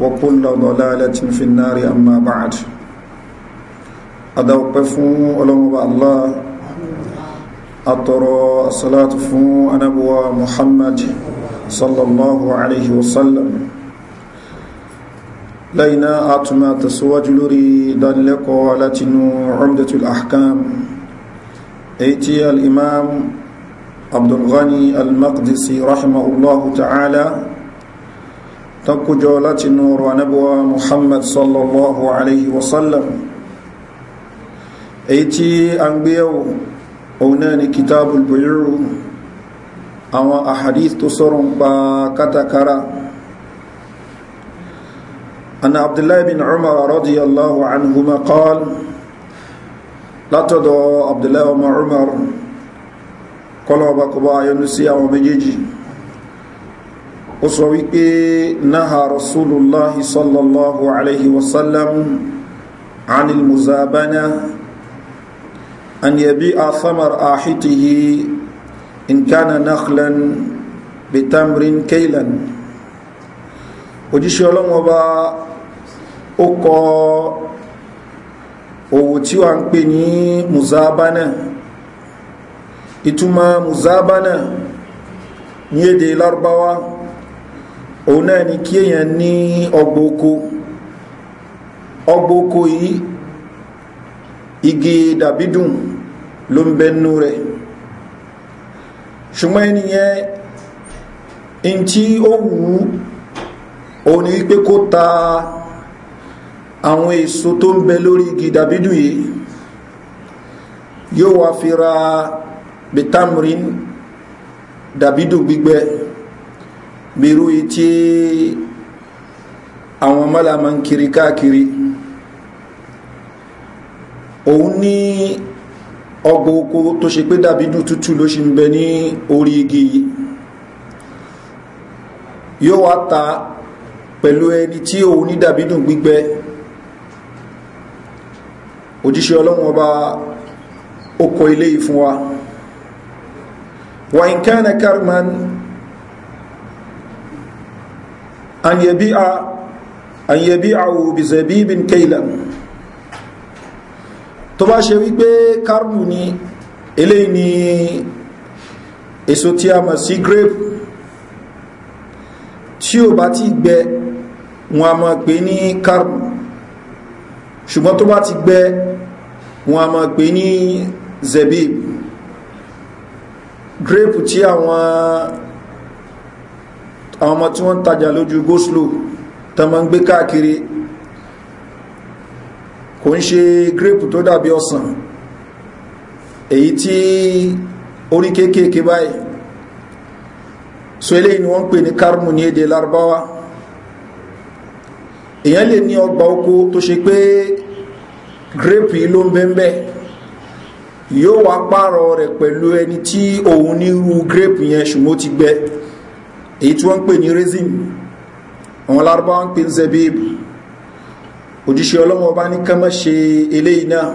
وكل ضلالة في النار أما بعد أدوقف ألوم الله أطر الصلاة فو أنبوى محمد صلى الله عليه وسلم لينا أتما تسواج لري دلق ولتن عمدة الأحكام أيتي الإمام عبد الغني المقدسي رحمه الله تعالى tọ́kùjọ láti nú ọrọ̀ anábọ́wá muhammad sallallahu alayhi wa sallam èyí tí a ń gbé yẹ̀wò òun náà ni kitabul buyuru àwọn ahadith tó sọ̀rọ̀ ń pa kátàkárà أن عبد الله بن عمر رضي الله عنهما قال لا تدعو عبد الله وما عمر قالوا بقبا ينسي ومجيجي ó sọ wípé náà rasulullahi sallallahu alaihi wasallam anil muzabana an yabi a samar ahitihi in kana nakhlan bitamrin kailan òjíṣẹ́ ọlọ́wọ́ bá ó kọ òwò tí wà ń pè ní muzabana ìtumọ̀ muzabana ní èdè lárúbáwá òun náà ni kí èèyàn ní ọgbọ oko ọgbọ oko yìí igi dàbídùn ló ń bẹ rẹ rẹ̀ ṣùgbọ́n ẹniyẹn in tí ó wù ú òun ni wípé kó ta àwọn èso tó ń bẹ lórí igi dàbídùn yìí yóò wá fi ra bitamrin dàbídùn gbígbẹ biru tí àwọn mọ́là máa kiri káàkiri òun ní ọgbọ̀ oko tó ṣe pé dàbídù tútù ló ṣe ń bẹ ní orí igi yìí yóò wá ta pẹ̀lú ẹni tí òun ní dàbídù gbígbẹ òjíṣẹ́ ọlọ́run ọba ó ilé yìí wa wàyínkánà karman an yabi'a an yabi'ahu bi zabibin kaylan tó bá ṣe wípé kárùn ní eléyìí ni èso tí a mọ̀ sí grape tí ò bá ti gbẹ wọn a mọ̀ pé ní kárùn ṣùgbọ́n tó bá ti gbẹ wọn a mọ̀ pé ní zabib grape tí àwọn àwọn ọmọ tí wọ́n ń tajà lójú goslo tọmọ ń gbé káàkiri kò ń ṣe grape tó dàbí ọsàn èyí tí orí kéékèèké báyìí so eléyìí ni wọ́n pè ní karmu ní èdè larabawa èyàn lè ní ọgbà oko tó ṣe pé grape yìí ló ń bẹ́ńbẹ́ yóò wá pààrọ̀ rẹ̀ pẹ̀lú ẹni tí òun nírú grape yẹn ṣùgbọ́n ti gbẹ èyí tí wọ́n ń pè ní resin àwọn lárúbá ń pè ń zebib òjíṣẹ́ ọlọ́wọ́ bá ní kama ṣe eléyìí náà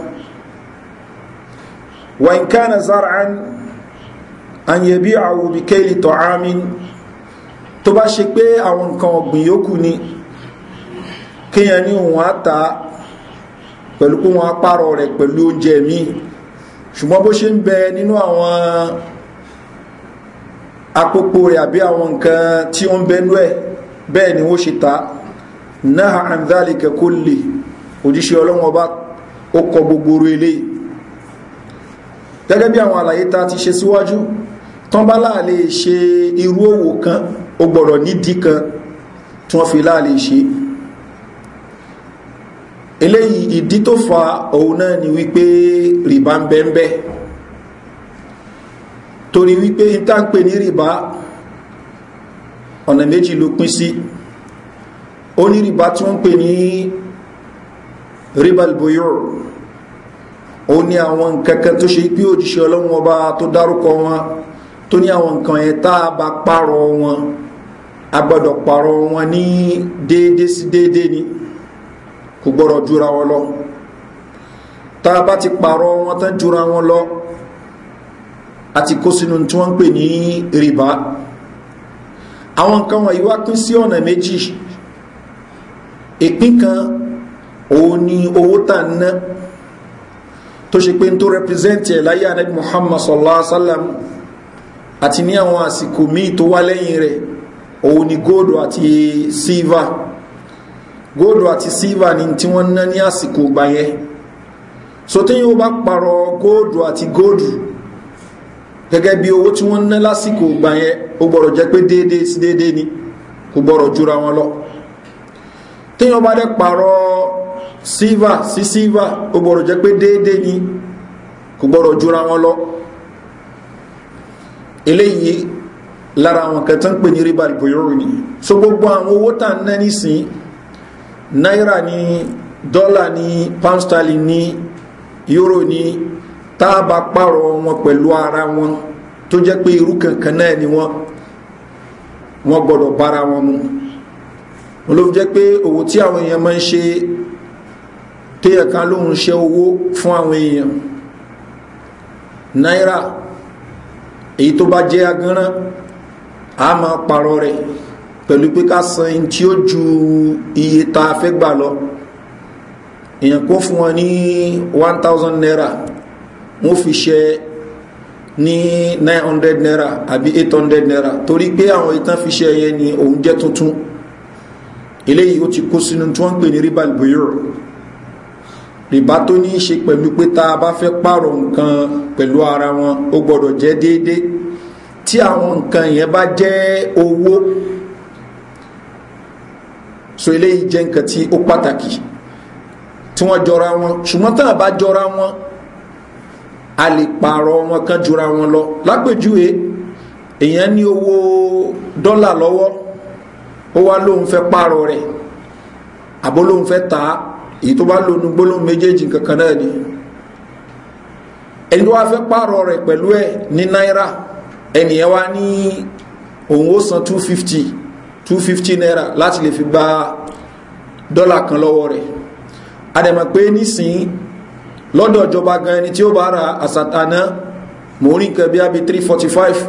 wà ń kánà zara'an an yẹ bí àwọn obìkẹ́lì tọ́ tó bá ṣe pé àwọn nǹkan ọ̀gbìn yókù ni kíyàn ní òun àta pẹ̀lú pé wọ́n apárọ̀ rẹ̀ pẹ̀lú oúnjẹ míì ṣùgbọ́n bó ṣe ń bẹ nínú àwọn apopo rẹ̀ àbí àwọn nǹkan tí ó ń bẹnú ẹ̀ bẹ́ẹ̀ ni wọ́n ṣe ta náà an dhalika kulli òjíṣẹ́ ọlọ́run ọba ó kọ gbogbo orí eléyìí gẹ́gẹ́ bí àwọn àlàyé ta ti ṣe síwájú tán bá láàlè ṣe irú òwò kan ó gbọ́dọ̀ nídìí kan tí wọ́n fi láàlè ṣe eléyìí ìdí tó fa òun náà ni wípé rìbá ń bẹ́ẹ̀ bẹ́ẹ̀ torí wípé ìtànpé ní rìbá ọ̀nà méjì ló pín sí ó ní rìbá tí wọ́n pè ní ribal boyor ó ní àwọn nǹkan kan tó ṣe pé òjíṣẹ́ ọlọ́run ọba tó dárúkọ wọn tó ní àwọn nǹkan yẹn tá a bá pààrọ̀ wọn a pààrọ̀ wọn ní déédé sí déédé ni kò gbọ́dọ̀ jura wọn lọ tá a bá ti pààrọ̀ wọn tán jura wọn lọ àti kó sínú tí wọ́n ń pè ní rìbá àwọn nǹkan wọ̀nyí wá pín sí ọ̀nà méjì ìpín kan òun ni owó tà ń ná tó ṣe pé n tó rẹpírẹsẹ̀ntì ẹ̀ láyé anabi muhammad sallallahu alaihi wa sallam àti ní àwọn àsìkò míì tó wá lẹ́yìn rẹ̀ òun ni góòdù àti sílvà góòdù àti sílvà ni tí wọ́n ná ní àsìkò gbà yẹn so téèyàn bá parọ́ góòdù àti góòdù gẹ́gẹ́ bí owó tí wọ́n ná lásìkò gbà ó gbọ́dọ̀ jẹ́ pé déédéé sí déédéé ni kò gbọ́dọ̀ jura wọn lọ téèyàn bá dẹ̀ pààrọ̀ silver sí silver ó gbọ́dọ̀ jẹ́ pé déédéé ni kò gbọ́dọ̀ jura wọn lọ eléyìí lára àwọn kan tó ń pè ní riba ìbòyòrò ni so gbogbo àwọn owó tá ń ná nísìn náírà ni dọ́là ni pound sterling ni euro ni tá a bá pààrọ̀ wọn pẹ̀lú ara wọn tó jẹ́ pé irú kankan náà ni wọ́n wọ́n gbọ́dọ̀ bára wọn mu wọn ló fi jẹ́ pé òwò tí àwọn èèyàn máa ń ṣe téèyàn kan ló ń ṣe owó fún àwọn èèyàn náírà èyí tó bá jẹ́ agánrán a máa pààrọ̀ rẹ̀ pẹ̀lú pé ká san in tí ó ju iye tá a fẹ́ gbà lọ èèyàn kó fún wọn ní one thousand naira wọ́n fi ṣe ní nine hundred naira àbí eight hundred naira torí pé àwọn ìtàn fi ṣe yẹn ni òun jẹ́ tuntun eléyìí ó ti kó sínú tí wọ́n ń pè ní ribal boyor rìbá tó ní í ṣe pẹ̀lú pé tá a bá fẹ́ pààrọ̀ nǹkan pẹ̀lú ara wọn ó gbọ́dọ̀ jẹ́ déédé tí àwọn nǹkan yẹn bá jẹ́ owó so eléyìí jẹ́ nǹkan tí ó pàtàkì tí wọ́n jọra wọn ṣùgbọ́n tá a bá jọra wọn a lè pààrọ̀ wọn kan jura wọn lọ lápèjúwe èèyàn ní owó dọ́là lọ́wọ́ ó wá lóun fẹ́ pààrọ̀ rẹ̀ àbó lóun fẹ́ ta èyí tó bá lóun gbólóhùn méjèèjì kankan náà ni ẹni tó wá fẹ́ pààrọ̀ rẹ̀ pẹ̀lú ẹ̀ ní náírà ẹnìyẹn wá ní òun ó san two fifty two fifty naira láti lè fi gba dọ́là kan lọ́wọ́ rẹ̀ adẹ̀mọ̀ pé nísìnyí lọ́dọ̀ ìjọba gan ẹni tí ó bá ra àsàtàná mò nǹkan bí abi three forty five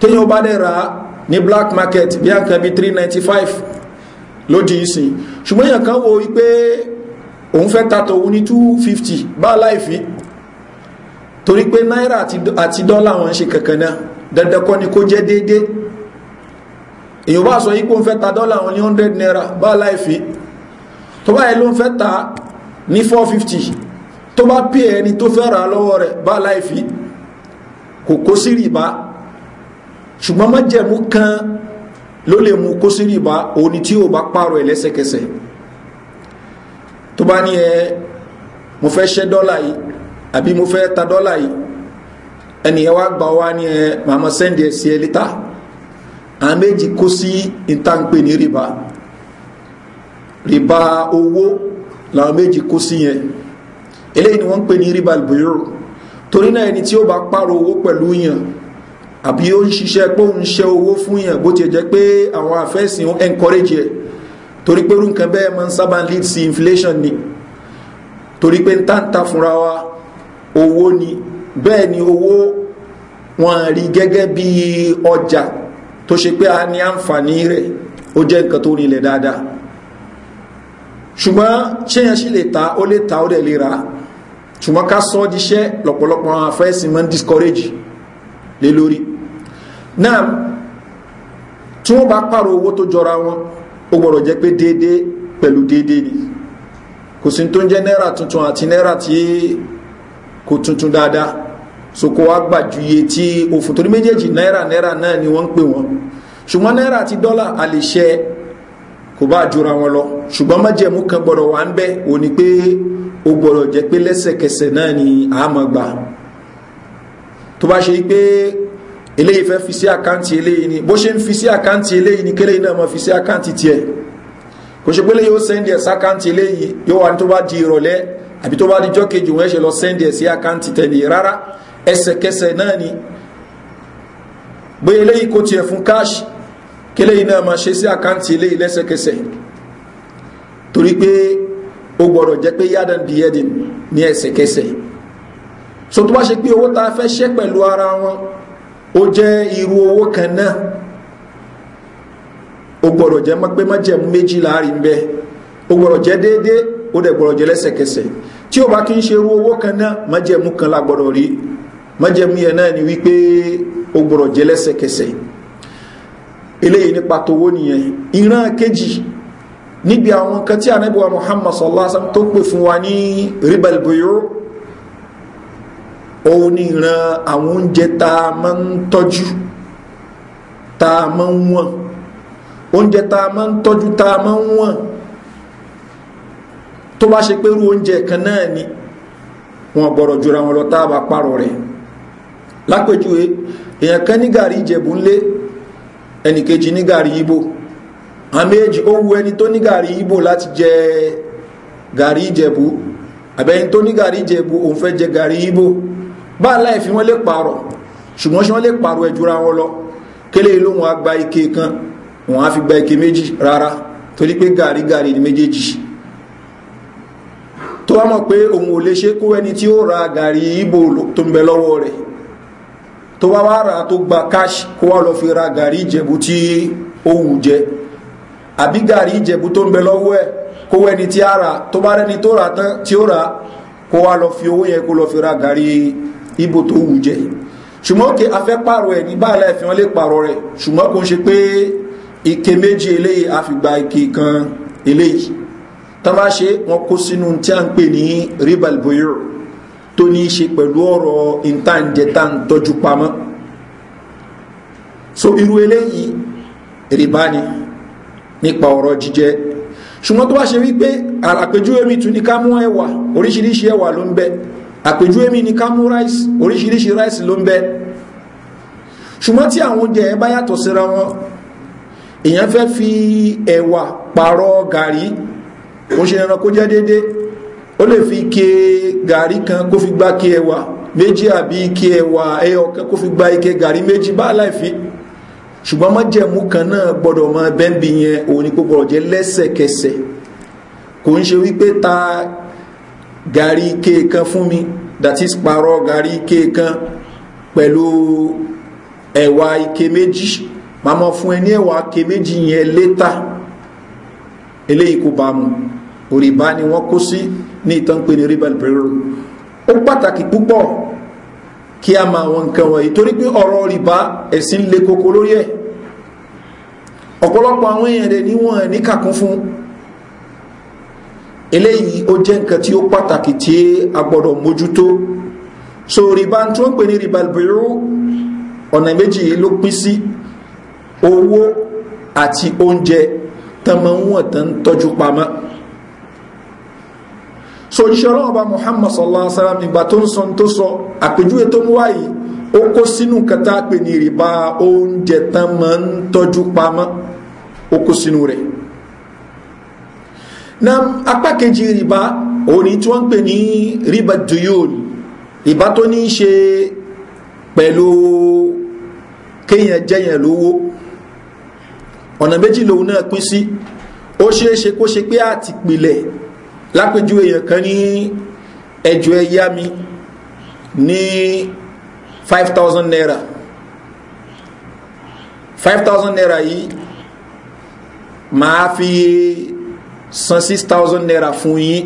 téèyàn bá dẹ̀ ra ní black market bí nǹkan bí three ninety five lódì ìsìn ṣùgbọ́n èèyàn kan wo wípé òun fẹ́ tatọ̀ òun ní two fifty bá láìfi torí pé náírà àti dọ́là wọn ń ṣe kankan náà dandan kọ́ ni kó jẹ́ déédéé èèyàn bá sọ yípo ń fẹ́ ta dọ́là wọn ní hundred naira bá láìfi tó báyìí ló ń fẹ́ ta ní 450 tó bá pè ẹni tó fẹ́ ra lọ́wọ́ rẹ̀ bá láìfi kò kó sí rìbá ṣùgbọ́n májẹ̀mú kan ló lè mú kó sí rìbá òní tí ò bá pààrọ̀ ẹ̀ lẹ́sẹ̀kẹsẹ̀ tó bá ní ẹ mo fẹ́ ṣẹ́ dọ́là yìí àbí mo fẹ́ ta dọ́là yìí ẹnìyẹn wá gbà wá ní ẹ màmá sẹ́ndì ẹ̀ sí ẹ lítà àwọn méjì kó sí ìtànpé ní rìbá rìbá owó làwọn méjì kó sí yẹn eléyìí ni wọ́n ń pè ní ribal buyur torí náà ẹni tí ó bá pààrọ̀ owó pẹ̀lú yàn àbí ó ń ṣiṣẹ́ pé ó ṣe owó fún yàn bó ti jẹ́ pé àwọn àfẹ́sìn ó encourage ẹ̀ torí pé nǹkan bẹ́ẹ̀ máa ń sábà lead sí inflation ni torí pé ń tàǹtà fúnra wa owó ni bẹ́ẹ̀ ni owó wọn rí gẹ́gẹ́ bí ọjà tó ṣe pé a ní àǹfààní rẹ̀ ó jẹ́ nǹkan tó rinlẹ̀ dáadáa ṣùgbọ́n ṣé yẹn ṣì lè ta ó lè ta ó dẹ̀ lè ra ṣùgbọ́n ká sọ ọ́ diṣẹ́ lọ́pọ̀lọpọ̀ àwọn afẹ́sìn máa ń discourage lé lórí náà tí wọ́n bá pààrọ̀ owó tó jọra wọn ó gbọ́dọ̀ jẹ́ pé déédéé pẹ̀lú déédéé ni kò sí tó ń jẹ́ náírà tuntun àti náírà tí kò tuntun dáadáa so kò wá gbà iye tí òfin torí méjèèjì náírà náírà náà ni wọ́n ń pè wọ́n ṣùgbọ́n náírà àti dọ́là a lè kò bá jura wọn lọ ṣùgbọ́n májẹ̀mú kan gbọ́dọ̀ wà ń bẹ́ ò ní pé ó gbọ́dọ̀ jẹ́ pé lẹ́sẹ̀kẹsẹ̀ náà ni àmọ́ gbà tó bá ṣe pé eléyìí fẹ́ fi sí àkáǹtì eléyìí ni bó ṣe ń fi sí àkáǹtì eléyìí ni kéléyìí náà mọ̀ fi sí àkáǹtì tiẹ̀ kò ṣe pé léyìí ó sẹ́ndì ẹ̀ sí àkáǹtì eléyìí yóò wá ní tó bá di ìrọ̀lẹ́ àbí tó bá di jọ́ kejì wọ́n ṣe lọ sẹ́ndì ẹ̀ sí àkáǹtì tẹ̀lé rárá ẹsẹ̀kẹsẹ̀ náà ni bóyá eléyìí kò tiẹ̀ fún káàṣì kílẹ̀ yìí náà máa ṣe sí àkáǹtì eléyìí lẹ́sẹ̀kẹsẹ̀ torí pé ó gbọ́dọ̀ jẹ́ pé yádàn bí yẹ́dìn ní ẹsẹ̀kẹsẹ̀ so tó bá ṣe pé owó tá a fẹ́ ṣẹ́ pẹ̀lú ara wọn ó jẹ́ irú owó kan náà ó gbọ́dọ̀ jẹ́ pé májẹ̀mú méjì láàrin bẹ́ẹ̀ ó gbọ́dọ̀ jẹ́ déédéé ó dẹ̀ gbọ́dọ̀ jẹ́ lẹ́sẹ̀kẹsẹ̀ tí ó bá kí ń ṣe irú owó kan náà májẹ̀mú kan la gbọ́dọ̀ rí májẹ̀mú yẹn náà ni wípé ó gbọ́dọ̀ jẹ́ lẹ́sẹ̀kẹsẹ̀ eléyìí nípa tówó nìyẹn ìran kejì níbi àwọn nǹkan tí anábíwá muhammad sallallahu alaihi wasallam tó pè fún wa ní ribal buyu òun ní ìran àwọn oúnjẹ tá a máa ń tọ́jú tá a máa ń wọ̀n oúnjẹ tá a máa ń tọ́jú tá a ń wọ̀n tó bá ṣe pé irú oúnjẹ kan náà ni wọn gbọ́dọ̀ jura wọn lọ tá a bá parọ́ rẹ̀ lápèjúwe èèyàn kan ní gàrí ìjẹ̀bú ńlé ẹnìkejì ní gàrí ibo àwọn méjì ó wu ẹni tó ní gàrí ibo láti jẹ gàrí ìjẹ̀bú àbẹ́yìn tó ní gàrí ìjẹ̀bú òun fẹ́ jẹ gàrí ibo bá láì fi wọ́n lè pààrọ̀ ṣùgbọ́n ṣe wọ́n lè pààrọ̀ ẹjúra wọn lọ kélé lóhun agba ike kan wọ́n á fi gba ike méjì rárá torí pé gàrí gàrí ni méjèèjì tó wá mọ̀ pé òun ò lè ṣe kó ẹni tí ó ra gàrí ibo tó ń bẹ lọ́wọ́ rẹ̀ tó bá wá ra tó gba káṣì kó wá lọ fi ra gàrí ìjẹ̀bú tí ó wù jẹ àbí gàrí ìjẹ̀bú tó ń bẹ lọ́wọ́ ẹ̀ kó ni tí a ra tó bá rẹni tó ra tán tí ó ra kó wá lọ fi owó yẹn kó lọ fi ra gàrí ibo tó wù jẹ ṣùgbọ́n òkè afẹ́ pààrọ̀ ẹ̀ ní báàlá ẹ̀fìn wọn lè pààrọ̀ rẹ̀ ṣùgbọ́n kò ń ṣe pé ike méjì eléyìí àfìgbà ike kan eléyìí tán bá ṣe wọn kó sínú tí a ń pè ní ribal boyer tó ní í ṣe pẹ̀lú ọ̀rọ̀ ìntànjẹ ń tọ́jú pamọ́ so irú eléyìí rìbá ni nípa ọ̀rọ̀ jíjẹ ṣùgbọ́n tó bá ṣe wípé àpèjúwe mi tún ní ká mú ẹwà oríṣiríṣi ẹwà ló ń bẹ àpèjúwe mi ní ká mú ráìsì oríṣiríṣi ráìsì ló ń bẹ ṣùgbọ́n tí àwọn oúnjẹ ẹ bá yàtọ̀ síra wọn èèyàn fẹ́ fi ẹwà pààrọ̀ gàrí ó ṣe ẹranko jẹ́ déédéé ó lè fi ike gàrí kan kó fi gbá ike ẹwà méjì àbí ike ẹwà ẹyọ kan kó fi gbá ike gàrí méjì bá láìfi ṣùgbọ́n májẹ̀mú kan náà gbọ́dọ̀ mọ bẹ́ńbì yẹn òun ni kó gbọ́dọ̀ jẹ́ lẹ́sẹ̀kẹsẹ̀ kò ń ṣe wípé ta gàrí ike kan fún mi that is parọ́ gàrí ike kan pẹ̀lú ẹ̀wà ike méjì màá fún ẹ ní ẹ̀wà ike méjì yẹn létà eléyìí kò bá mu òrìbá ni wọ́n kó sí ní ìtànpé ní ribal bẹ̀rù ó pàtàkì púpọ̀ kí a máa wọn nǹkan wọ̀nyí torí pé ọ̀rọ̀ rìbá ẹ̀sìn le koko lórí ẹ̀ ọ̀pọ̀lọpọ̀ àwọn èèyàn rẹ̀ níwọ̀n ní kàkún fún eléyìí ó jẹ́ nǹkan tí ó pàtàkì tí a gbọ́dọ̀ mójútó so rìbá tí wọ́n pè ní ribal bẹ̀rù ọ̀nà méjì ló pín sí owó àti oúnjẹ tán máa ń wọ̀n tán tọ́jú pamọ́ so òjíṣẹ́ muhammad sallallahu alaihi wasallam ìgbà tó ń sọ tó sọ àpèjúwe tó mú wáyìí ó kó sínú kẹta pè ní ìrìbá oúnjẹ tán máa ń tọ́jú pamọ́ ó kó sínú rẹ̀ na apá kejì ìrìbá òun ni tí wọ́n ń pè ní ríbà duyol ìbá tó ní í ṣe pẹ̀lú kéèyàn jẹyàn lówó ọ̀nà méjì lòun náà pín sí ó ṣeéṣe kó ṣe pé àtìpìlẹ̀ lápẹjú èèyàn kan ní ẹjọ́ ẹ̀yá mi ní five thousand naira five thousand naira yìí màá fi san six thousand naira fún yín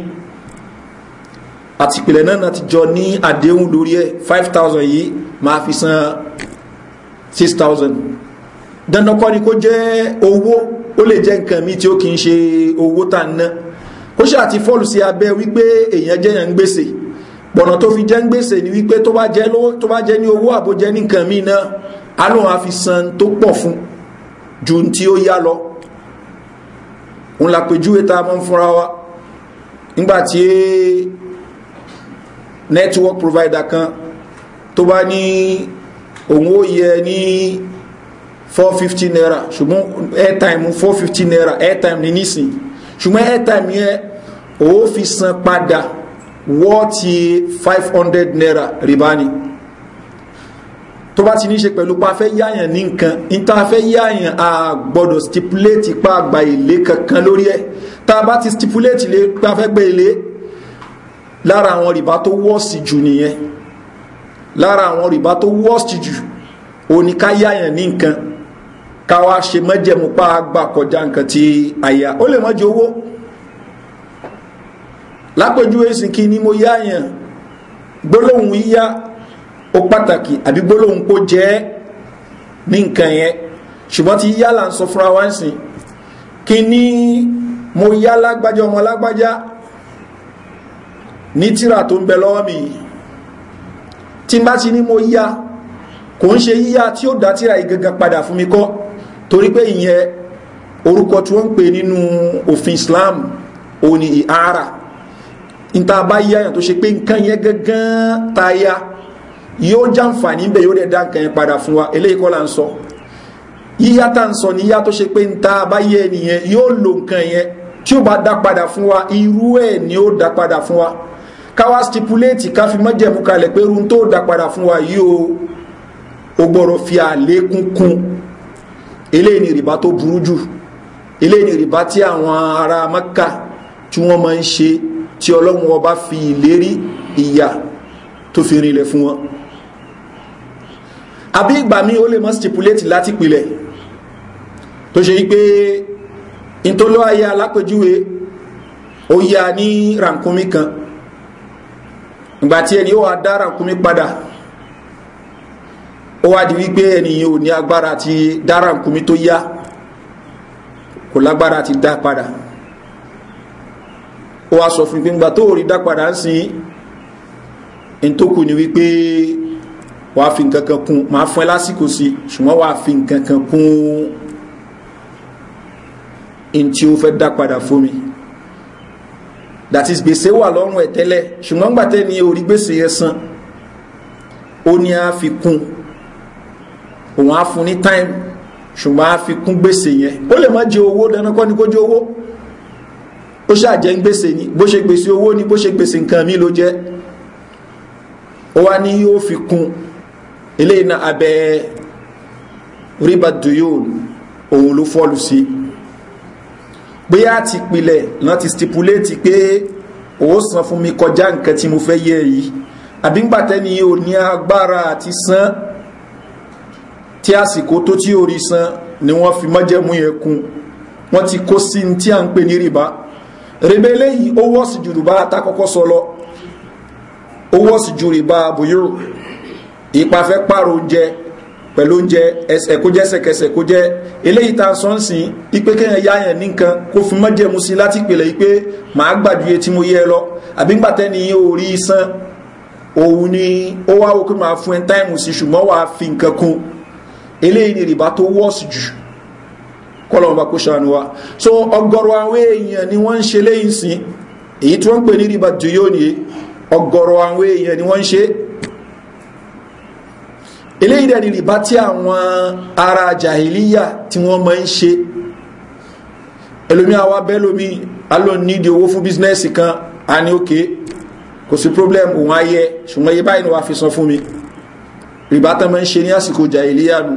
àtìpìlẹ̀ náà ti jọ ní àdéhùn lórí ẹ̀ five thousand yìí màá fi san six thousand dandan kọ́ ni kó jẹ́ owó ó lè jẹ́ nǹkan mi tí ó kì í ṣe owó tá a ná ó ṣáà ti fọ́ọ̀lù sí abẹ́ wípé èèyàn jẹ́ yẹn ń gbèsè bọ̀nà tó fi jẹ́ ń gbèsè ni wípé tó bá jẹ́ lówó tó bá jẹ́ ní owó àbójẹ́ ní nǹkan míì náà alóhun àfi san tó pọ̀ fún ju tí ó yá lọ òun la pèjúwe tá mọ́ fúnra wa nígbà tí network provider kan tó bá ní òun ó yẹ ní 450 naira ṣùgbọ́n airtime four fifty naira airtime ní nísìnyí ṣùgbọ́n airtime yẹn ó fi san padà wọ́ọ̀tì five hundred naira rìbá ni tó bá ti ní ṣe pẹ̀lú pa fẹ́ yáyàn ní nǹkan níta fẹ́ yáyàn a gbọ́dọ̀ stipulate pa àgbà èlé kankan lórí ẹ̀ tá bá ti stipulate lé pa fẹ́ gbé èlé lára àwọn rìbá tó wọ́ọ̀sì jù nìyẹn lára àwọn rìbá tó wọ́ọ̀sì jù òní yáyàn ní nǹkan káwa ṣe mọ́jẹ̀mú pa àgbà kọjá nǹkan tí àyà ó lè mọ́jẹ owó lápèjúwe sì kí ni mo yáyàn gbólóhùn yíyá ó pàtàkì àbí gbólóhùn kó jẹ́ ní nǹkan yẹn ṣùgbọ́n ti yálà ń sọ fúnra wa ń sìn kí ni mo yá lágbájá ọmọ lágbájá ní tíra tó ń bẹ lọ́wọ́ mi tí n bá ti ní mo yá kò ń ṣe yíyá tí ó dá tíra ìgangan padà fún mi kọ́ torí pé ìyẹn orúkọ tí wọ́n ń pè nínú òfin Islam òun ni ìhara níta bá yá yàn tó ṣe pé nǹkan yẹn gangan ta ya yóò jàǹfààní bẹ́ẹ̀ yóò dẹ̀ dá nǹkan yẹn padà fún wa eléyìí kọ́ la ń sọ yíyá tá ń sọ níyá tó ṣe pé níta bá yẹ nìyẹn yóò lo nǹkan yẹn tí ó bá dá padà fún wa irú ẹ̀ ni ó dá padà fún wa káwá stipulate ká fi mọ́jẹ̀mú kalẹ̀ pé irú tó dá padà fún wa yìí o gbọ́dọ̀ fi àlékún kún eléyìí ni rìbá tó burú jù eléyìí ni rìbá tí àwọn ará mẹ́ka tí wọ́n máa ń ṣe tí ọlọ́run ọba fi ìlérí ìyà tó fi rinlẹ̀ fún wọn àbí ìgbà míì ó lè mọ́ stipulate láti pilẹ̀ tó ṣe wípé ìtọ́lọ́ ayé alápèjúwe ó yá ní rànkúnmí kan ìgbà tí ẹni ó wá dá rànkúnmí padà ó wá di wípé ẹnìyàn ò ní agbára àti dára nkumi tó yá kò lágbára àti dá padà ó wá sọ fún pé tó rí dá padà ń sin ntókù ni wípé wàá fi nǹkan kan kún màá fún ẹ lásìkò sí ṣùgbọ́n wàá fi nǹkan kan kún n tí ó fẹ́ dá padà fún mi that is gbèsè wà lọ́rùn ẹ̀ tẹ́lẹ̀ ṣùgbọ́n gbàtẹ́ ni orí gbèsè yẹn san ó ní a fi kún òun á fún ní time ṣùgbọ́n á fi kún gbèsè yẹn ó lè má jẹ owó dandan kọ́ ni kó jẹ owó ó ṣàjẹ́ ń gbèsè ni bó ṣe gbèsè owó ni bó ṣe gbèsè nǹkan mi ló jẹ́ ó wá ní yóò fi kún eléyìí náà abẹ́ ríbà òun ló fọ́ọ̀lù sí bóyá àti ìpìlẹ̀ náà ti stipulate pé ó san fún mi kọjá nǹkan tí mo fẹ́ yẹ yìí àbí ń gbàtẹ́ ni ò ní agbára àti san tí àsìkò tó tí orí san ni wọ́n fi májẹ̀mú yẹn kún wọ́n ti kó sí tí à ń pè ní rìbá rìbá eléyìí ó wọ́ọ̀sì jù rìbá tá kọ́kọ́ sọ lọ ó wọ́ọ̀sì jù rìbá bòyúrò ìpàfẹ́ pààrọ̀ oúnjẹ pẹ̀lú oúnjẹ ẹsẹ̀ kó jẹ́ ẹsẹ̀kẹsẹ̀ kó jẹ́ eléyìí tá a sọ ń sìn ipe yẹn nìkan kó fi májẹ̀mú sí láti pèlè pé màá gbàdúyè tí mo yẹ lọ àbí gbàtẹ́ ni orí san òun ni ó wá wò pé màá fún ẹ táìmù sí ṣùgbọ́n wàá fi nǹkan kún eléyìí ni rìbá tó wọ́ọ̀sì jù kọ́lọ̀wọ́n bá kó ṣàánú wa so ọgọ́rọ̀ àwọn èèyàn ni wọ́n ń ṣe léyìn sí èyí tí wọ́n pè ní rìbá jù yóò ní ọgọ́rọ̀ àwọn èèyàn ni wọ́n ń ṣe eléyìí dẹ̀ ni rìbá tí àwọn ara jahiliya tí wọ́n máa ń ṣe ẹlòmí àwa bẹ́lòmí alóníìdí owó fún bísínẹ́sì kan a ní òkè kò sí problem òun ayẹ ṣùgbọ́n iye báyìí ni wàá fi san fún mi Ribata tán máa ń ṣe ní àsìkò jàhílíyà nu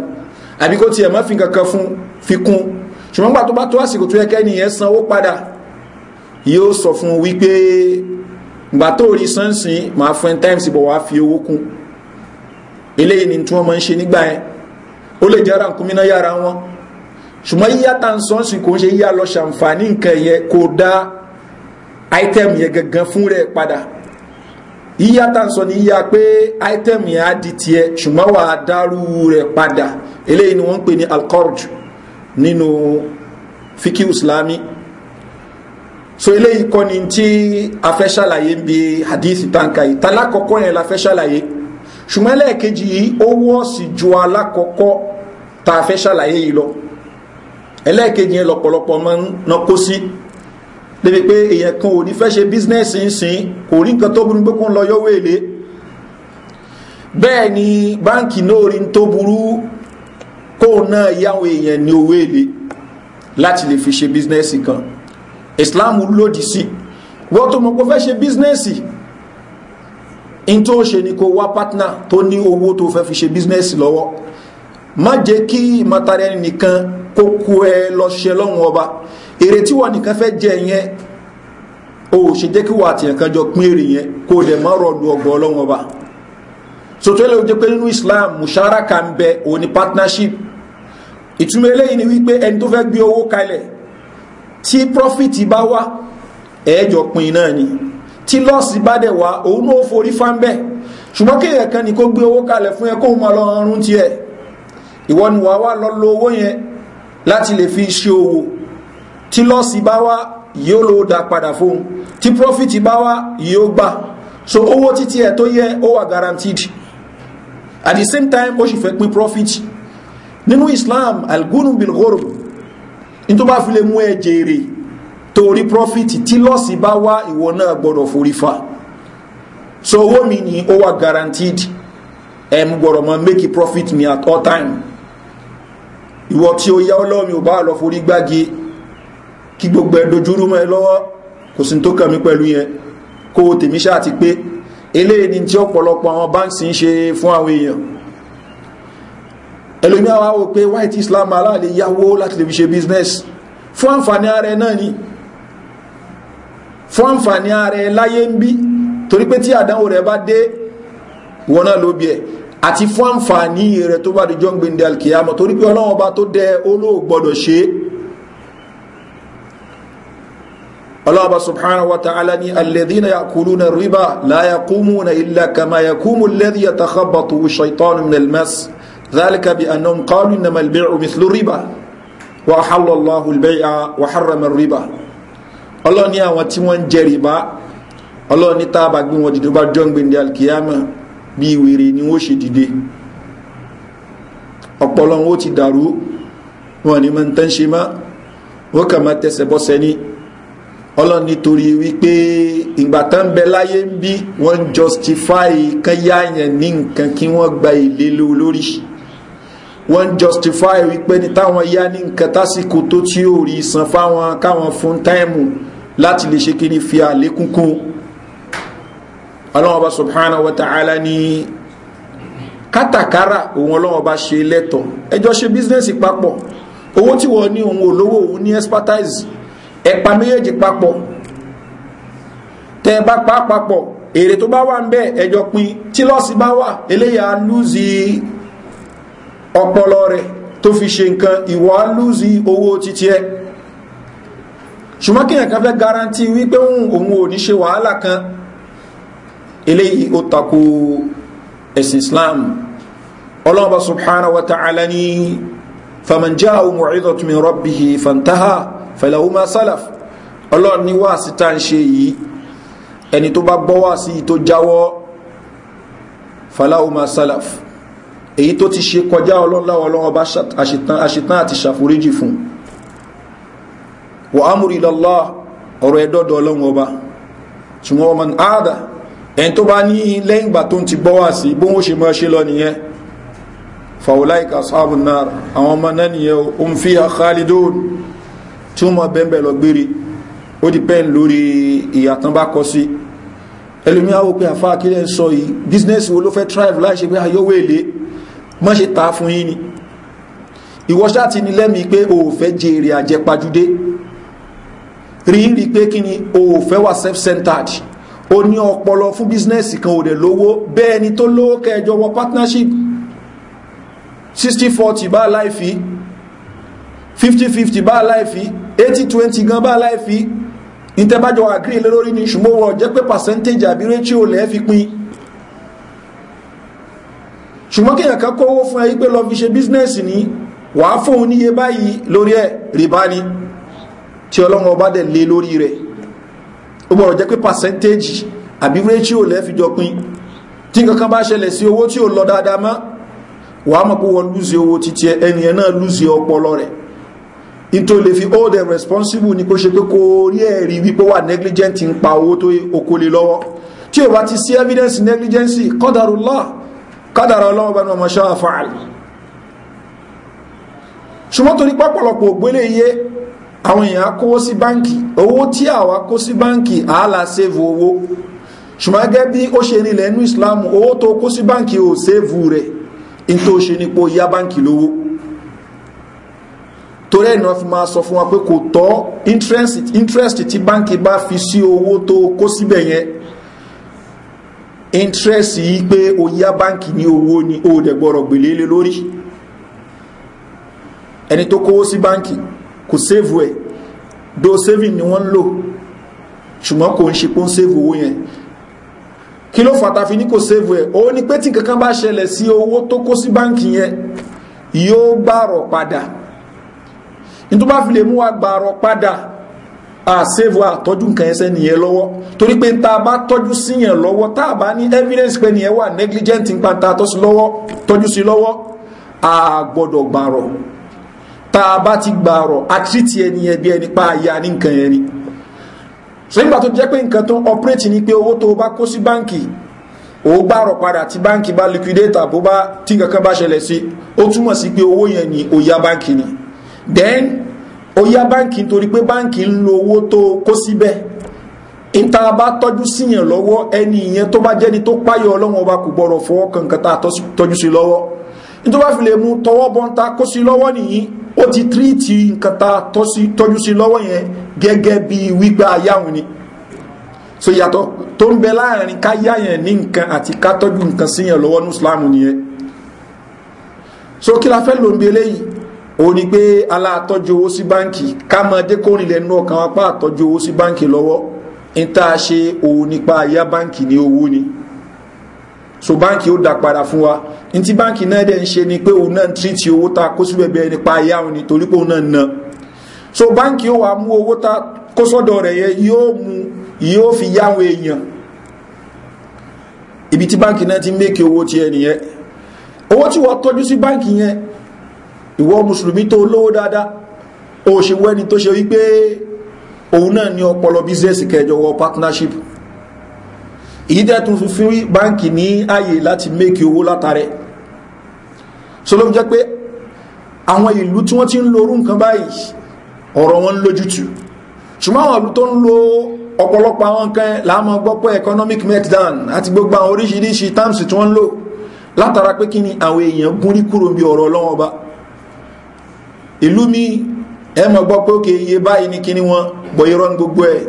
àbí kó tiẹ̀ má fi kankan fún fi kún ṣùgbọ́n gbà tó bá tó àsìkò tó yẹ kẹ́ni yẹn sanwó padà yóò sọ fún wípé gbà tó rí sánsìn máa fún ẹn times bọ̀ wá fi owó kún eléyìí ni tí wọ́n máa ń ṣe nígbà yẹn ó lè jẹ́ nǹkan mìíràn yára wọn ṣùgbọ́n yíyá tá n sánsìn kò ń ṣe yíyá lọ ṣàǹfààní nǹkan yẹn kò dá item yẹn gangan fún rẹ̀ padà yíyá tá n sọ ní yíyá pé item yẹn á di tiẹ̀ ṣùgbọ́n wàá dárú rẹ̀ padà eléyìí ni wọ́n ń pè ní alkorj nínú fíkì islami so eléyìí kọ́ ni tí a fẹ́ ṣàlàyé ń bi hadith tanka yìí talákọ̀ọ́kọ́ yẹn la fẹ́ ṣàlàyé ṣùgbọ́n ẹlẹ́ẹ̀kejì yìí ó wọ́ọ̀sì ju alákọ̀ọ́kọ́ ta a fẹ́ ṣàlàyé yìí lọ ẹlẹ́ẹ̀kejì yẹn lọ́pọ̀lọpọ̀ máa ń ná sí. Si débi pé èèyàn kan ò ní fẹ́ ṣe bísínẹ́sì ń sìn kò rí nǹkan tó burú pé kó ń lọ yọ́wọ́ èlé bẹ́ẹ̀ ni báńkì náà rí tó burú kó náà yáwọn èèyàn ní owó èlé láti lè fi ṣe bísínẹ́sì kan Islam lòdì sí wọ́n tó mọ̀ pé fẹ́ ṣe bísínẹ́sì in tó ṣe ni kó wá partner tó ní owó tó fẹ́ fi ṣe business lọ́wọ́ má jẹ́ kí ìmọ̀tara ẹni nìkan kó ẹ lọ ṣe ọba èrè tí wọ́n nìkan fẹ́ jẹ yẹn o ò ṣe jẹ́ kí wọ́n àtìyàn kan jọ pín èrè yẹn kó dẹ̀ mọ́ rọ̀lù ọgbọ̀n ọlọ́wọ́n ọba sòtò ilé ojú pé nínú Islam mushara ń bẹ òun ni partnership ìtumọ̀ eléyìí ni wípé ẹni tó fẹ́ gbé owó kalẹ̀ tí profit bá wá ẹ̀ẹ́jọ pin náà ni tí lọ́ọ̀sì bá dẹ̀ wá òun náà forí fáńbẹ́ ṣùgbọ́n kéèyàn kan ni kó gbé owó kalẹ̀ fún ẹ kó máa lọ ọrùn tiẹ̀ ìwọ ni wàá wá lọ lo owó yẹn láti lè fi ṣe òwò tí lọ́sì bá wá yóò ló dá padà fóun tí prọ́fìtì bá wá yóò gbà so owó títí ẹ̀ tó yẹ ó wà guaranteed at the same time ó sì fẹ́ pín profit nínú Islam algunu bin ghorb ní tó bá fi lè mú ẹ jèrè torí profit tí lọ́sì bá wá ìwọ náà gbọ́dọ̀ forí so owó mi ni ó wà guaranteed ẹ̀ mú gbọ́dọ̀ mọ́ make profit mi at all time ìwọ tí ó yá ọlọ́mi ò bá lọ forí gbági kí gbogbo ẹ̀dọ̀júrú mọ́ ẹ lọ́wọ́ kò sí tó kàn mí pẹ̀lú yẹn kó o tèmi ṣáà ti pé eléyìí ni tí ọ̀pọ̀lọpọ̀ àwọn báńkì ń ṣe fún àwọn èèyàn ẹlòmí àwọn àwọn pé white islam aláàlè yáwó láti lè fi ṣe business fún àǹfààní ààrẹ náà ni fún àǹfààní ààrẹ láyé ń bí torí pé tí àdánwò rẹ̀ bá dé wọn náà ló bí àti fún àǹfààní rẹ̀ tó bá di jọ́ ń gbé torí pé ọlọ́wọ́n bá tó dẹ olóògbọ́dọ̀ ṣe é ọlọ́ọ̀bá subhanahu wa ta'ala ni alladhina ya'kuluna riba la yaqumuna illa kama yaqumu alladhi yatakhabbathu ash-shaytanu min al-mas dhalika bi annahum qalu innama al-bay'u mithlu riba wa ahalla Allahu al-bay'a wa harrama ar-riba ọlọ́ọ̀ ni àwọn tí wọ́n ń jẹ riba ọlọ́ọ̀ ni tá bá gbé wọn dìde bá jọ́ngbìn di alkiyama bí wèrè ni wọ́n ṣe dìde ọpọlọ ti dàrú wọn ni mọ̀ ń wọ́n kà máa tẹsẹ̀ bọ́sẹ̀ ni ọlọ́run nítorí wípé ìgbà tán ń bẹ láyé ń bí wọ́n justify kányáyàn ní nǹkan kí wọ́n gba ìlélo lórí wọ́n justify wípé ní táwọn yá ní nǹkan tásìkò tó tí ò rí san fáwọn káwọn fún táìmù láti lè ṣe kí ni fi àlékún kún ọlọ́run ọba subhanahu wa ta'ala ní kátàkárà òun ọlọ́run ọba ṣe lẹ́tọ̀ọ́ ẹjọ́ ṣe bísínẹ́sì papọ̀ owó tí wọ́n ní òun olówó òun ní expertise ẹ̀pa méjèèjì papọ̀ tẹ́ ẹ bá pa papọ̀ èrè tó bá wà ń bẹ́ ẹjọ́ pin tí lọ́ọ̀sì bá wà eléyà á lùzì ọpọlọ rẹ̀ tó fi ṣe nǹkan ìwọ á lùzì owó títí ẹ ṣùgbọ́n kí ẹ̀kan fẹ́ garanti wípé òun ò ní ṣe wàhálà kan eléyìí ó takò ẹ̀sìn Islam ọlọ́ọ̀bá subhanahu wa ta'ala ni famanjá ohun ọ̀rẹ́dọ̀tún rọ́bìhì fantaha fẹ̀lẹ̀húnmá sálàf ọlọ́run ní wáàsí tá ń ṣe yìí ẹni tó bá gbọ́ wáàsí tó jáwọ́ fẹ̀lẹ̀húnmá sálàf èyí tó ti ṣe kọjá ọlọ́láwọ́ ọlọ́run ọba àṣetán àti ṣàforíjì fún wà ámúrí lọ́lá ọ̀rọ̀ ẹ̀dọ́dọ̀ ọlọ́run ọba ṣùgbọ́n ọmọ àádà ẹni tó bá ní lẹ́yìn ìgbà tó ń lọ fàwọláìkà sáàbùn náà àwọn ọmọ náà nìyẹn o ń fi àkálídóòrùn tí wọ́n mọ̀ bẹ́ẹ̀ lọ gbére ó di pẹ́ẹ̀n lórí ìyàtàn bá kọ sí ẹlòmí àwọ̀ pé àfá akílẹ̀ ń sọ yìí bísínẹ́sì wo ló fẹ́ tribe láì ṣe pé ayọ́wọ́ èlé mọ́ ṣe ta fún yín ni ìwọ́ṣá ti ní lẹ́mìí pé o ò fẹ́ jèrè àjẹpajúdé rí rí pé kí ni o ò fẹ́ wà self-centered o ní ọpọlọ fún bísínẹ́sì kan ò dẹ̀ lówó bẹ́ẹ̀ ni tó lówó kẹjọ wọ partnership 60-40 bá láìfí 50-50 bá láìfí 80-20 gan bá láì fi ìtẹ́bájọ àgírí ilé lórí ni ṣùgbọ́n wọ́n jẹ́ pé percentage àbí ratio lẹ́ fi pin ṣùgbọ́n kí èèyàn kan kówó fún ẹyí pé lọ fi ṣe bísínẹ́sì ní wàá fóun níye báyìí lórí ẹ̀ rìbá ni tí ọlọ́run ọba dẹ̀ lé lórí rẹ̀ ó gbọ́dọ̀ jẹ́ pé percentage àbí ratio lẹ́ fi jọ pin tí nǹkan kan bá ṣẹlẹ̀ sí owó tí ò lọ dáadáa mọ́ wàá mọ̀ pé wọ́n lùzì owó títí ẹni ẹ̀ náà lùzì ọpọlọ rẹ̀ nítorí lè fi hold them responsible ni kó ṣe pé kó rí ẹ̀rí wípé wà negligent ń pa owó tó okòlè lọ́wọ́ tí o bá ti sí evidence negligence qadarullah kádàrà ọlọ́wọ́ bá ní ọmọ ṣáà fa'al ṣùgbọ́n torí pápọ̀lọpọ̀ ògbélé iye àwọn èèyàn kówó sí báǹkì owó tí àwa kó sí báǹkì àálà sèvù owó ṣùgbọ́n gẹ́gẹ́ bí ó ṣe nílẹ̀ inú islam owó tó kó sí báǹkì ò sèvù rẹ̀ in ṣe nípo ya báǹkì lówó torí ẹ̀nà fi máa sọ fún wa pé kò tọ́ interest tí báńkì bá fi sí owó tó kó síbẹ̀ yẹn interest yìí pé o yá báńkì ní owó ni o dẹ̀ gbọ́rọ̀ gbèlé lé lórí ẹni tó kówó sí báńkì kò save ẹ̀ do saving ni wọ́n ń lò ṣùgbọ́n kò ń ṣe pé ń save owó yẹn kí ló fàtà fi ní kò save ẹ̀ ó ní pé tí kankan bá ṣẹlẹ̀ sí owó tó kó sí báńkì yẹn yóò gbàrọ̀ padà ní tó bá fi lè mú wa gbàrọ̀ padà àṣẹ́fù àtọ́jú nǹkan ẹsẹ̀ nìyẹn lọ́wọ́ torí pé tá bá tọ́jú sí yẹn lọ́wọ́ tá bá ní evidence pé nìyẹn wà negligent nípa tá a tọ́jú sí lọ́wọ́ a gbọ́dọ̀ gbàrọ̀ tá a bá ti gbàrọ̀ àtìrìtì ẹni yẹn ẹni pa àyà ní nǹkan yẹn ni sẹ́yìnbà tó jẹ́ pé nǹkan tó ń ọpẹ́rẹ́tì ni pé owó tó bá kó sí báǹkì ó gbàrọ̀ padà tí báǹkì bá liquidate àbó bá tí nǹkan kan bá ṣẹlẹ̀ sí ó túmọ̀ sí pé owó yẹn ni ó báǹkì ni then ó yá báǹkì nítorí pé báǹkì ń lo owó tó kó síbẹ̀ níta bá tọ́jú síyàn lọ́wọ́ ẹni ìyẹn tó bá jẹ́ni tó páyọ̀ ọlọ́wọ́n ọba kò gbọ́rọ̀ fọwọ́ kankan tá a tọ́jú sí lọ́wọ́ nítorí bá fi lè mú tọwọ́ bọ́ kó sí lọ́wọ́ nìyí ó ti tírìtì nǹkan tá a tọ́jú sí lọ́wọ́ yẹn gẹ́gẹ́ bí wígbà ayáhùn ni so yàtọ̀ tó ń bẹ láàrin ká yáyàn ní nǹkan àti ká tọ́jú nǹkan síyàn lọ́wọ́ ní Islam nìyẹn so kí la fẹ́ lò ń eléyìí ó ní pé aláàtọ́jú owó sí báǹkì ká máa dé kó rìn lẹ́nu ọkàn apá àtọ́jú owó sí báǹkì lọ́wọ́ ní tá a ṣe òun nípa àyà báǹkì ní owó ni so báǹkì ó dá padà fún wa ní tí báǹkì náà dẹ̀ ń ṣe ni pé òun náà ń tírìtì owó tá a kó síbẹ̀ bẹ́ẹ̀ nípa àyà òun ni torí pé òun náà na so báǹkì ó wàá mú owó tá kó sọ́dọ̀ rẹ̀ yẹ yóò mú yóò fi yáwọn èèyàn ibi tí báǹkì náà ti mékè owó tiẹ̀ nìyẹn owó tí wọ́n tọ́jú sí báǹkì yẹn ìwọ mùsùlùmí tó lówó dáadáa ó ṣe wẹ́ni tó ṣe wípé òun náà ní ọpọlọ bísẹ́ẹ̀sì kẹjọ partnership èyí tẹ́ tún fún báńkì ní ààyè láti méèkì owó látàrẹ so ló fi jẹ́ pé àwọn ìlú tí wọ́n ti ń lo orú nǹkan báyìí ọ̀rọ̀ wọn lójútù ṣùgbọ́n àwọn ìlú tó ń lo ọ̀pọ̀lọpọ̀ àwọn nǹkan láàmọ́ gbọ́pọ̀ economic meltdown àti gbogbo àwọn oríṣiríṣi terms tí wọ́n ń lò látara pé kí ni àwọn èèyàn gúnrí kúrò bí ọ̀rọ̀ ọlọ́wọ́ bá ìlú mi ẹ mọ̀ gbọ́ pé òkè iye báyìí ní kíní wọn bọ̀ irọ́ ní gbogbo ẹ̀